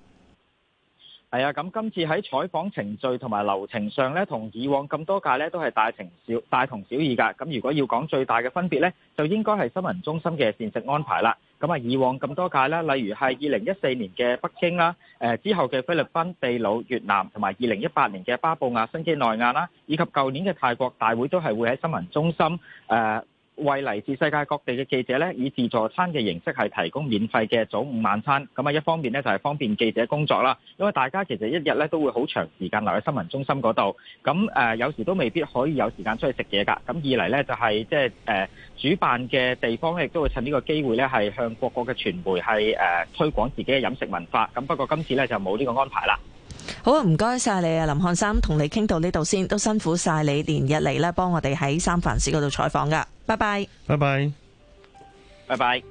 係啊，咁、哎、今次喺採訪程序同埋流程上咧，同以往咁多屆咧都係大同小大同小異㗎。咁如果要講最大嘅分別咧，就應該係新聞中心嘅膳食安排啦。咁、嗯、啊，以往咁多屆咧，例如係二零一四年嘅北京啦，誒、呃、之後嘅菲律賓、秘魯、越南同埋二零一八年嘅巴布亞新幾內亞啦，以及舊年嘅泰國大會都係會喺新聞中心誒、呃為嚟自世界各地嘅記者咧，以自助餐嘅形式係提供免費嘅早午晚餐。咁啊，一方面咧就係方便記者工作啦，因為大家其實一日咧都會好長時間留喺新聞中心嗰度。咁誒，有時都未必可以有時間出去食嘢噶。咁二嚟咧就係即係誒，主辦嘅地方咧，亦都會趁呢個機會咧，係向各個嘅傳媒係誒、呃、推廣自己嘅飲食文化。咁不過今次咧就冇呢個安排啦。好啊，唔該晒你啊，林漢三。同你傾到呢度先，都辛苦晒你連日嚟咧，幫我哋喺三藩市嗰度採訪噶，拜拜，拜拜，拜拜。嚟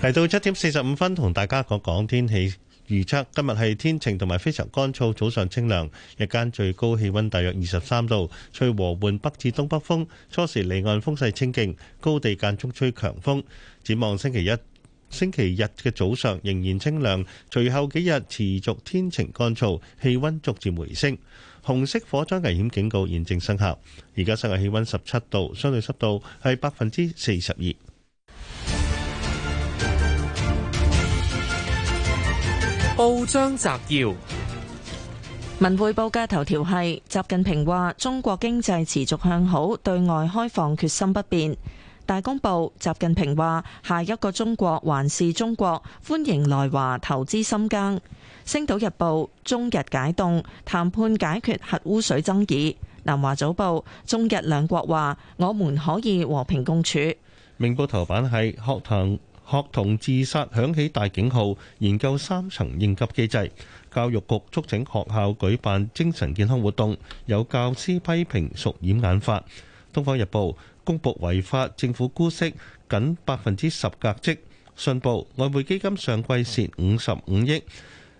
拜 到七點四十五分，同大家講講天氣。預測今日係天晴同埋非常乾燥，早上清涼，日間最高氣温大約二十三度，吹和緩北至東北風，初時離岸風勢清勁，高地間中吹強風。展望星期一、星期日嘅早上仍然清涼，隨後幾日持續天晴乾燥，氣温逐漸回升。紅色火災危險警告現正生效。而家室外氣温十七度，相對濕度係百分之四十二。報章摘要：文匯報嘅頭條係習近平話中國經濟持續向好，對外開放決心不變。大公報：習近平話下一個中國還是中國，歡迎來華投資深耕。星島日報：中日解凍談判解決核污水爭議。南華早報：中日兩國話我們可以和平共處。明報頭版係學騰學童自殺響起大警號，研究三層應急機制。教育局促請學校舉辦精神健康活動。有教師批評屬掩眼法。《東方日報》公佈違法，政府姑息僅百分之十格職。信報，外匯基金上季蝕五十五億，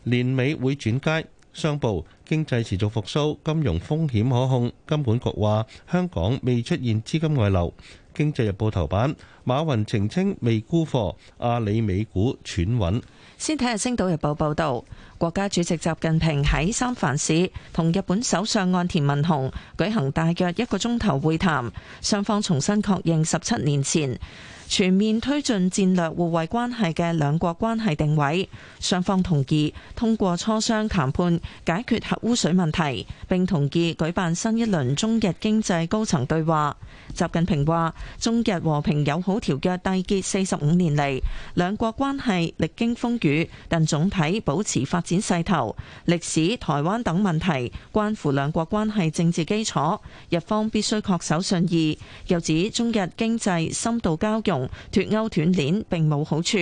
年尾會轉佳。商報，經濟持續復甦，金融風險可控。金管局話香港未出現資金外流。經濟日報頭版，馬雲澄清未沽貨，阿里美股喘穩。先睇下《星島日報》報道，國家主席習近平喺三藩市同日本首相岸田文雄舉行大約一個鐘頭會談，雙方重新確認十七年前。全面推進戰略互惠關係嘅兩國關係定位，雙方同意通過磋商談判解決核污水問題，並同意舉辦新一輪中日經濟高層對話。習近平話中日和平友好條約締結四十五年嚟，兩國關係歷經風雨，但總體保持發展勢頭，歷史、台灣等問題關乎兩國關係政治基礎，日方必須恪守信義，又指中日經濟深度交融。脫歐斷鏈並冇好處。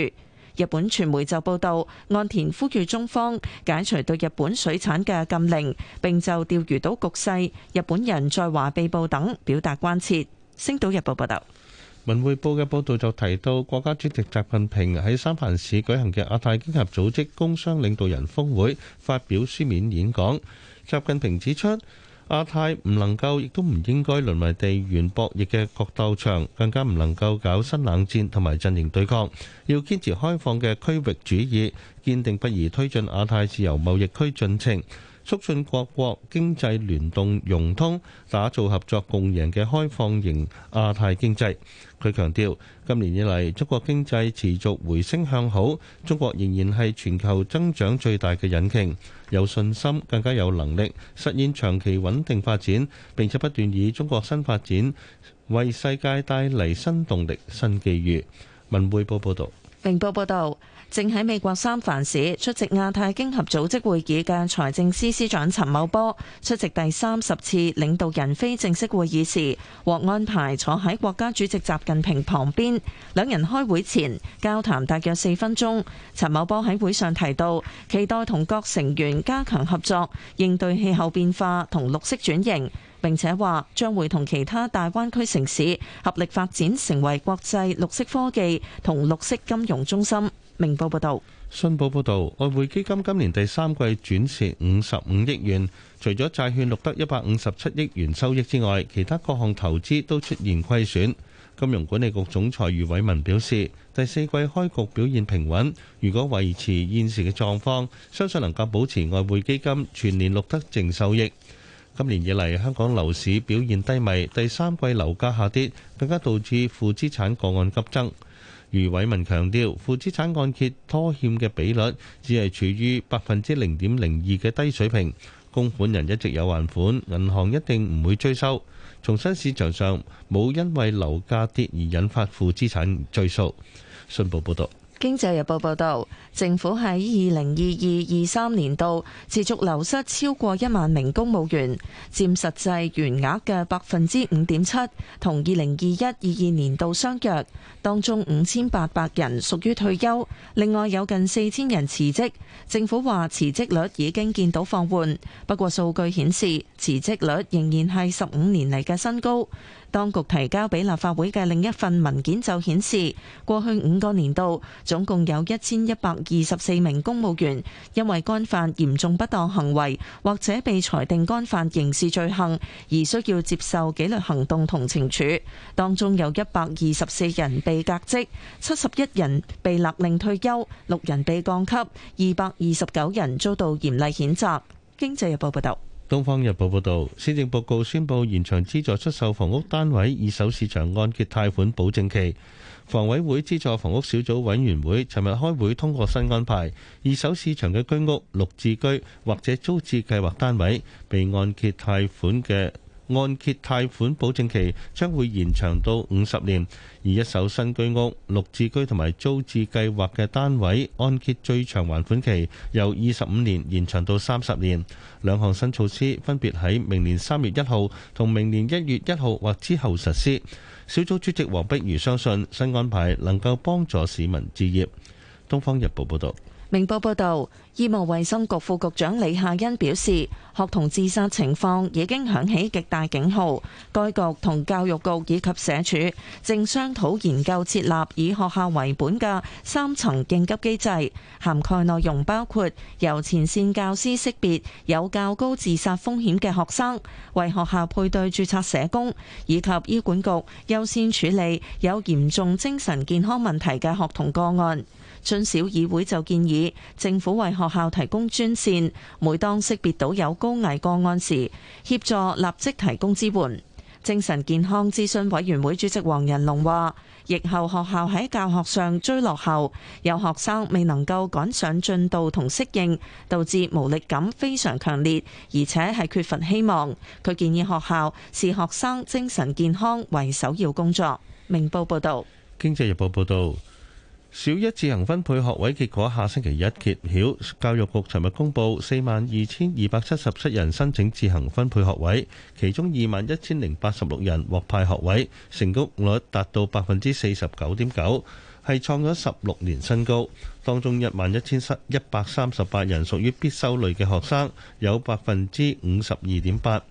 日本傳媒就報道，岸田呼籲中方解除對日本水產嘅禁令，並就釣魚島局勢、日本人在華被捕等表達關切。《星島日報》報道，文匯報嘅報道就提到，國家主席習近平喺三藩市舉行嘅亞太經合組織工商領導人峰會發表書面演講。習近平指出，亞太唔能夠，亦都唔應該淪為地緣博弈嘅角鬥場，更加唔能夠搞新冷戰同埋陣營對抗，要堅持開放嘅區域主義，堅定不移推進亞太自由貿易區進程。促進各國經濟聯動融通，打造合作共贏嘅開放型亞太經濟。佢強調，今年以嚟，中國經濟持續回升向好，中國仍然係全球增長最大嘅引擎，有信心更加有能力實現長期穩定發展，並且不斷以中國新發展為世界帶嚟新動力、新機遇。文匯報報道，明報報道。正喺美國三藩市出席亞太經合組織會議嘅財政司司長陳茂波出席第三十次領導人非正式會議時，獲安排坐喺國家主席習近平旁邊。兩人開會前交談大約四分鐘。陳茂波喺會上提到，期待同各成員加強合作，應對氣候變化同綠色轉型，並且話將會同其他大灣區城市合力發展，成為國際綠色科技同綠色金融中心。明報報導，信報報導，外匯基金今年第三季轉蝕五十五億元，除咗債券錄得一百五十七億元收益之外，其他各項投資都出現虧損。金融管理局總裁余偉文表示，第四季開局表現平穩，如果維持現時嘅狀況，相信能夠保持外匯基金全年錄得淨收益。今年以嚟，香港樓市表現低迷，第三季樓價下跌，更加導致負資產個案急增。余偉文強調，負資產按揭拖欠嘅比率只係處於百分之零點零二嘅低水平，供款人一直有還款，銀行一定唔會追收。重新市場上，冇因為樓價跌而引發負資產追數。信報報道。《經濟日報》報道。政府喺二零二二二三年度持續流失超過一萬名公務員，佔實際員額嘅百分之五點七，同二零二一、二二年度相若。當中五千八百人屬於退休，另外有近四千人辭職。政府話辭職率已經見到放緩，不過數據顯示辭職率仍然係十五年嚟嘅新高。當局提交俾立法會嘅另一份文件就顯示，過去五個年度總共有一千一百。二十四名公務員因為干犯嚴重不當行為或者被裁定干犯刑事罪行，而需要接受紀律行動同懲處，當中有一百二十四人被革職，七十一人被勒令退休，六人被降級，二百二十九人遭到嚴厲譴責。經濟日報報道，東方日報報道，施政報告宣布延長資助出售房屋單位二手市場按揭貸款保證期。房委會資助房屋小組委員會尋日開會通過新安排，二手市場嘅居屋、綠置居或者租置計劃單位，被按揭貸款嘅。按揭貸款保證期將會延長到五十年，而一手新居屋、綠置居同埋租置計劃嘅單位按揭最長還款期由二十五年延長到三十年。兩項新措施分別喺明年三月一號同明年一月一號或之後實施。小組主席黃碧如相信新安排能夠幫助市民置業。《東方日報》報道。明報報導，醫務衛生局副局長李夏欣表示，學童自殺情況已經響起極大警號，該局同教育局以及社署正商討研究設立以學校為本嘅三層應急機制，涵蓋內容包括由前線教師識別有較高自殺風險嘅學生，為學校配對註冊社工，以及醫管局優先處理有嚴重精神健康問題嘅學童個案。津小議會就建議政府為學校提供專線，每當識別到有高危個案時，協助立即提供支援。精神健康諮詢委員會主席黃仁龍話：，疫後學校喺教學上追落後，有學生未能夠趕上進度同適應，導致無力感非常強烈，而且係缺乏希望。佢建議學校視學生精神健康為首要工作。明報報道，經濟日報報道。小一自行分配學位結果下星期一揭曉。教育局尋日公布，四萬二千二百七十七人申請自行分配學位，其中二萬一千零八十六人獲派學位，成功率達到百分之四十九點九，係創咗十六年新高。當中一萬一千一百三十八人屬於必收類嘅學生，有百分之五十二點八。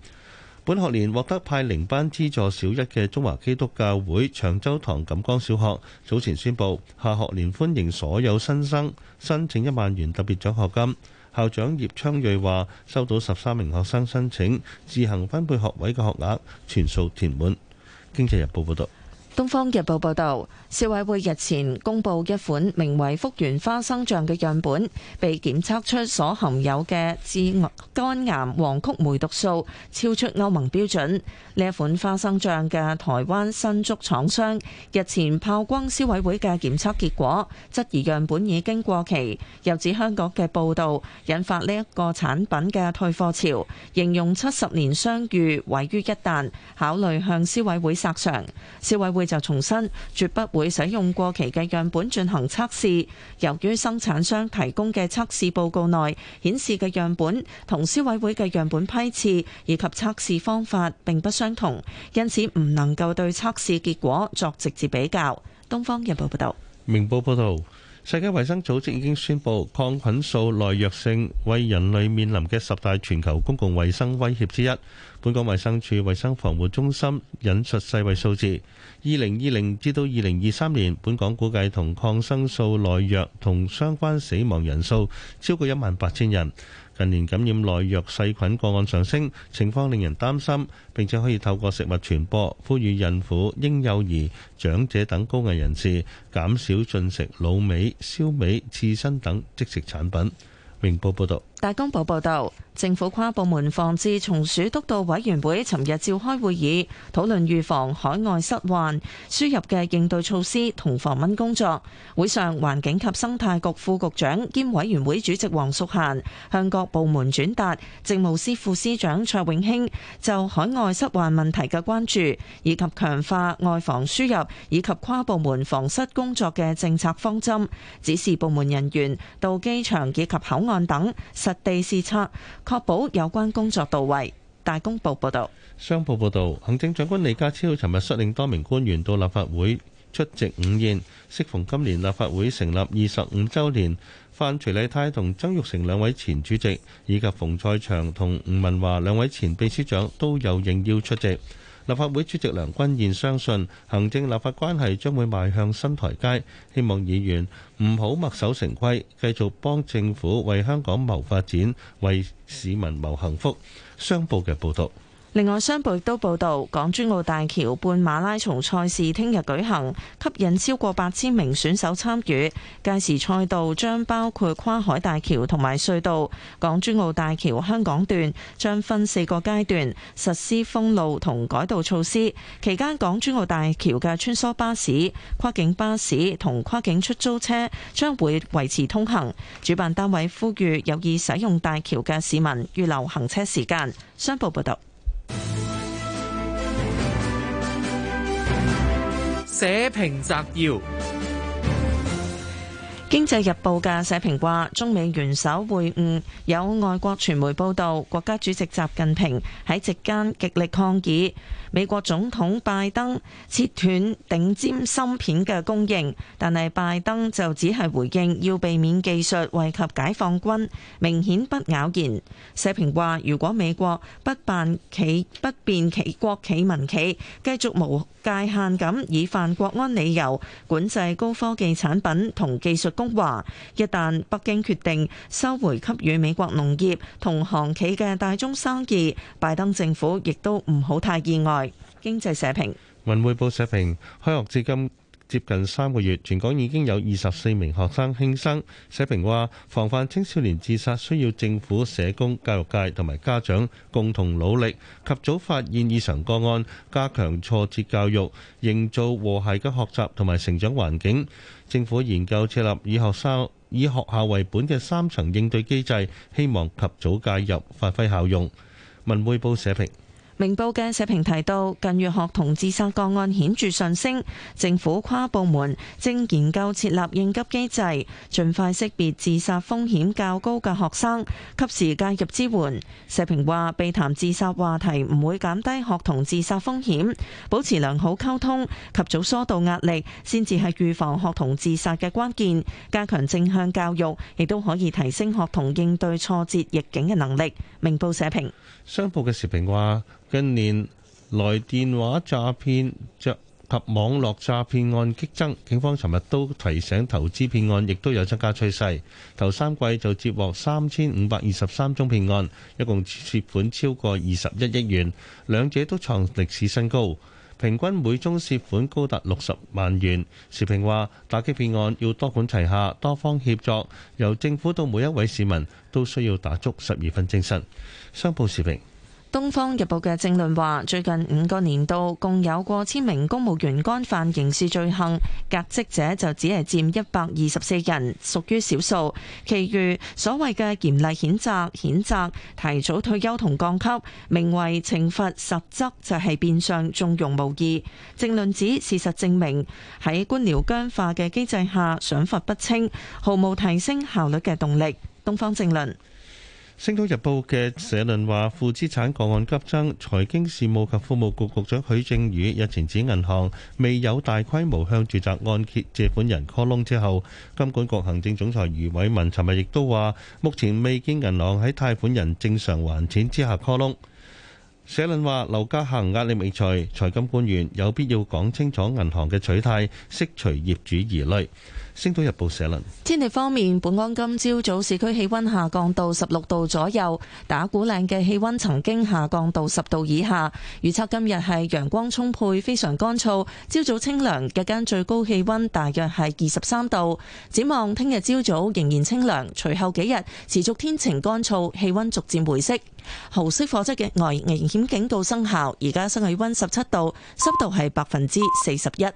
本學年獲得派零班資助小一嘅中華基督教會長洲堂錦江小學，早前宣布下學年歡迎所有新生申請一萬元特別獎學金。校長葉昌瑞話：收到十三名學生申請，自行分配學位嘅學額全數填滿。經濟日報報導。東方日報報道，消委會日前公布一款名為福原花生醬嘅樣本，被檢測出所含有嘅致肝癌黃曲霉毒素超出歐盟標準。呢一款花生醬嘅台灣新竹廠商日前炮轟消委會嘅檢測結果，質疑樣本已經過期，又指香港嘅報道引發呢一個產品嘅退貨潮，形容七十年相遇毀於一旦，考慮向消委會索償消委會就重申，絕不會使用過期嘅樣本進行測試。由於生產商提供嘅測試報告內顯示嘅樣本同消委會嘅樣本批次以及測試方法並不相同，因此唔能夠對測試結果作直接比較。東方日報報道。《明報》報道。世界衛生組織已經宣布，抗菌素耐藥性為人類面臨嘅十大全球公共衛生威脅之一。本港衛生署衞生防護中心引述世衛數字，二零二零至到二零二三年，本港估計同抗生素耐藥同相關死亡人數超過一萬八千人。近年感染耐藥細菌個案上升，情況令人擔心，並且可以透過食物傳播。呼籲孕婦、嬰幼兒、長者等高危人士減少進食滷味、燒味、刺身等即食產品。明報報導。大公報報道，政府跨部門防治蟲鼠督導委員會尋日召開會議，討論預防海外失患輸入嘅應對措施同防蚊工作。會上，環境及生態局副局長兼委員會主席黃淑嫺向各部門轉達政務司副司長卓永興就海外失患問題嘅關注，以及強化外防輸入以及跨部門防失工作嘅政策方針，指示部門人員到機場以及口岸等地視察，確保有關工作到位。大公報報道。商報報道，行政長官李家超尋日率領多名官員到立法會出席午宴，適逢今年立法會成立二十五周年，范徐麗泰同曾鈺成兩位前主席，以及馮賽祥同吳文華兩位前秘書長都有應邀出席。立法會主席梁君彥相信行政立法關係將會邁向新台階，希望議員唔好墨守成規，繼續幫政府為香港謀發展，為市民謀幸福。商報嘅報道。另外，商報亦都報道，港珠澳大橋半馬拉松賽事聽日舉行，吸引超過八千名選手參與。屆時賽道將包括跨海大橋同埋隧道。港珠澳大橋香港段將分四個階段實施封路同改道措施，期間港珠澳大橋嘅穿梭巴士、跨境巴士同跨境出租車將會維持通行。主辦單位呼籲有意使用大橋嘅市民預留行車時間。商報報道。寫評摘要。經濟日報嘅社評話，中美元首會晤有外國傳媒報道，國家主席習近平喺席間極力抗議美國總統拜登切斷頂尖芯片嘅供應，但係拜登就只係回應要避免技術惠及解放軍，明顯不咬言。社評話，如果美國不辦企不辯企，不企國企民企，繼續無。界限感，以泛國安理由管制高科技產品同技術供華，一旦北京決定收回給予美國農業同航企嘅大宗生意，拜登政府亦都唔好太意外。經濟社評，文匯報社評，開學至今。接近三個月，全港已經有二十四名學生輕生。社評話：防範青少年自殺需要政府、社工、教育界、同埋家長共同努力，及早發現異常個案，加強挫折教育，營造和諧嘅學習同埋成長環境。政府研究設立以學生、以學校為本嘅三層應對機制，希望及早介入，發揮效用。文匯報社評。明報嘅社評提到，近月學童自殺個案顯著上升，政府跨部門正研究設立應急機制，盡快識別自殺風險較高嘅學生，及時介入支援。社評話：避談自殺話題唔會減低學童自殺風險，保持良好溝通及早疏導壓力，先至係預防學童自殺嘅關鍵。加強正向教育亦都可以提升學童應對挫折逆境嘅能力。明報社評。商報嘅時評話：近年來電話詐騙及網絡詐騙案激增，警方尋日都提醒投資騙案亦都有增加趨勢。頭三季就接獲三千五百二十三宗騙案，一共涉款超過二十一億元，兩者都創歷史新高，平均每宗涉款高達六十萬元。時評話：打擊騙案要多管齊下，多方協助，由政府到每一位市民都需要打足十二分精神。商報時評，《東方日報》嘅政論話：最近五個年度共有過千名公務員干犯刑事罪行，革職者就只係佔一百二十四人，屬於少數。其餘所謂嘅嚴厲譴責、譴責提早退休同降級，名為懲罰實則就係、是、變相縱容無義。政論指事實證明喺官僚僵化嘅機制下，賞罰不清，毫無提升效率嘅動力。《東方政論》。《星島日報》嘅社論話：負資產個案急增，財經事務及服務局局長許正宇日前指銀行未有大規模向住宅按揭借款人 call 窿之後，金管局行政總裁余偉文尋日亦都話：目前未見銀行喺貸款人正常還錢之下 call 窿。社論話樓價行壓力未除，財金官員有必要講清楚銀行嘅取態，釋除業主疑慮。星島日報社論：天氣方面，本港今朝早,早市區氣温下降到十六度左右，打鼓嶺嘅氣温曾經下降到十度以下。預測今日係陽光充沛、非常乾燥，朝早清涼，日間最高氣温大約係二十三度。展望聽日朝早仍然清涼，隨後幾日持續天晴乾燥，氣温逐漸回升。紅色火災嘅外危險警告生效，而家室氣温十七度，濕度係百分之四十一。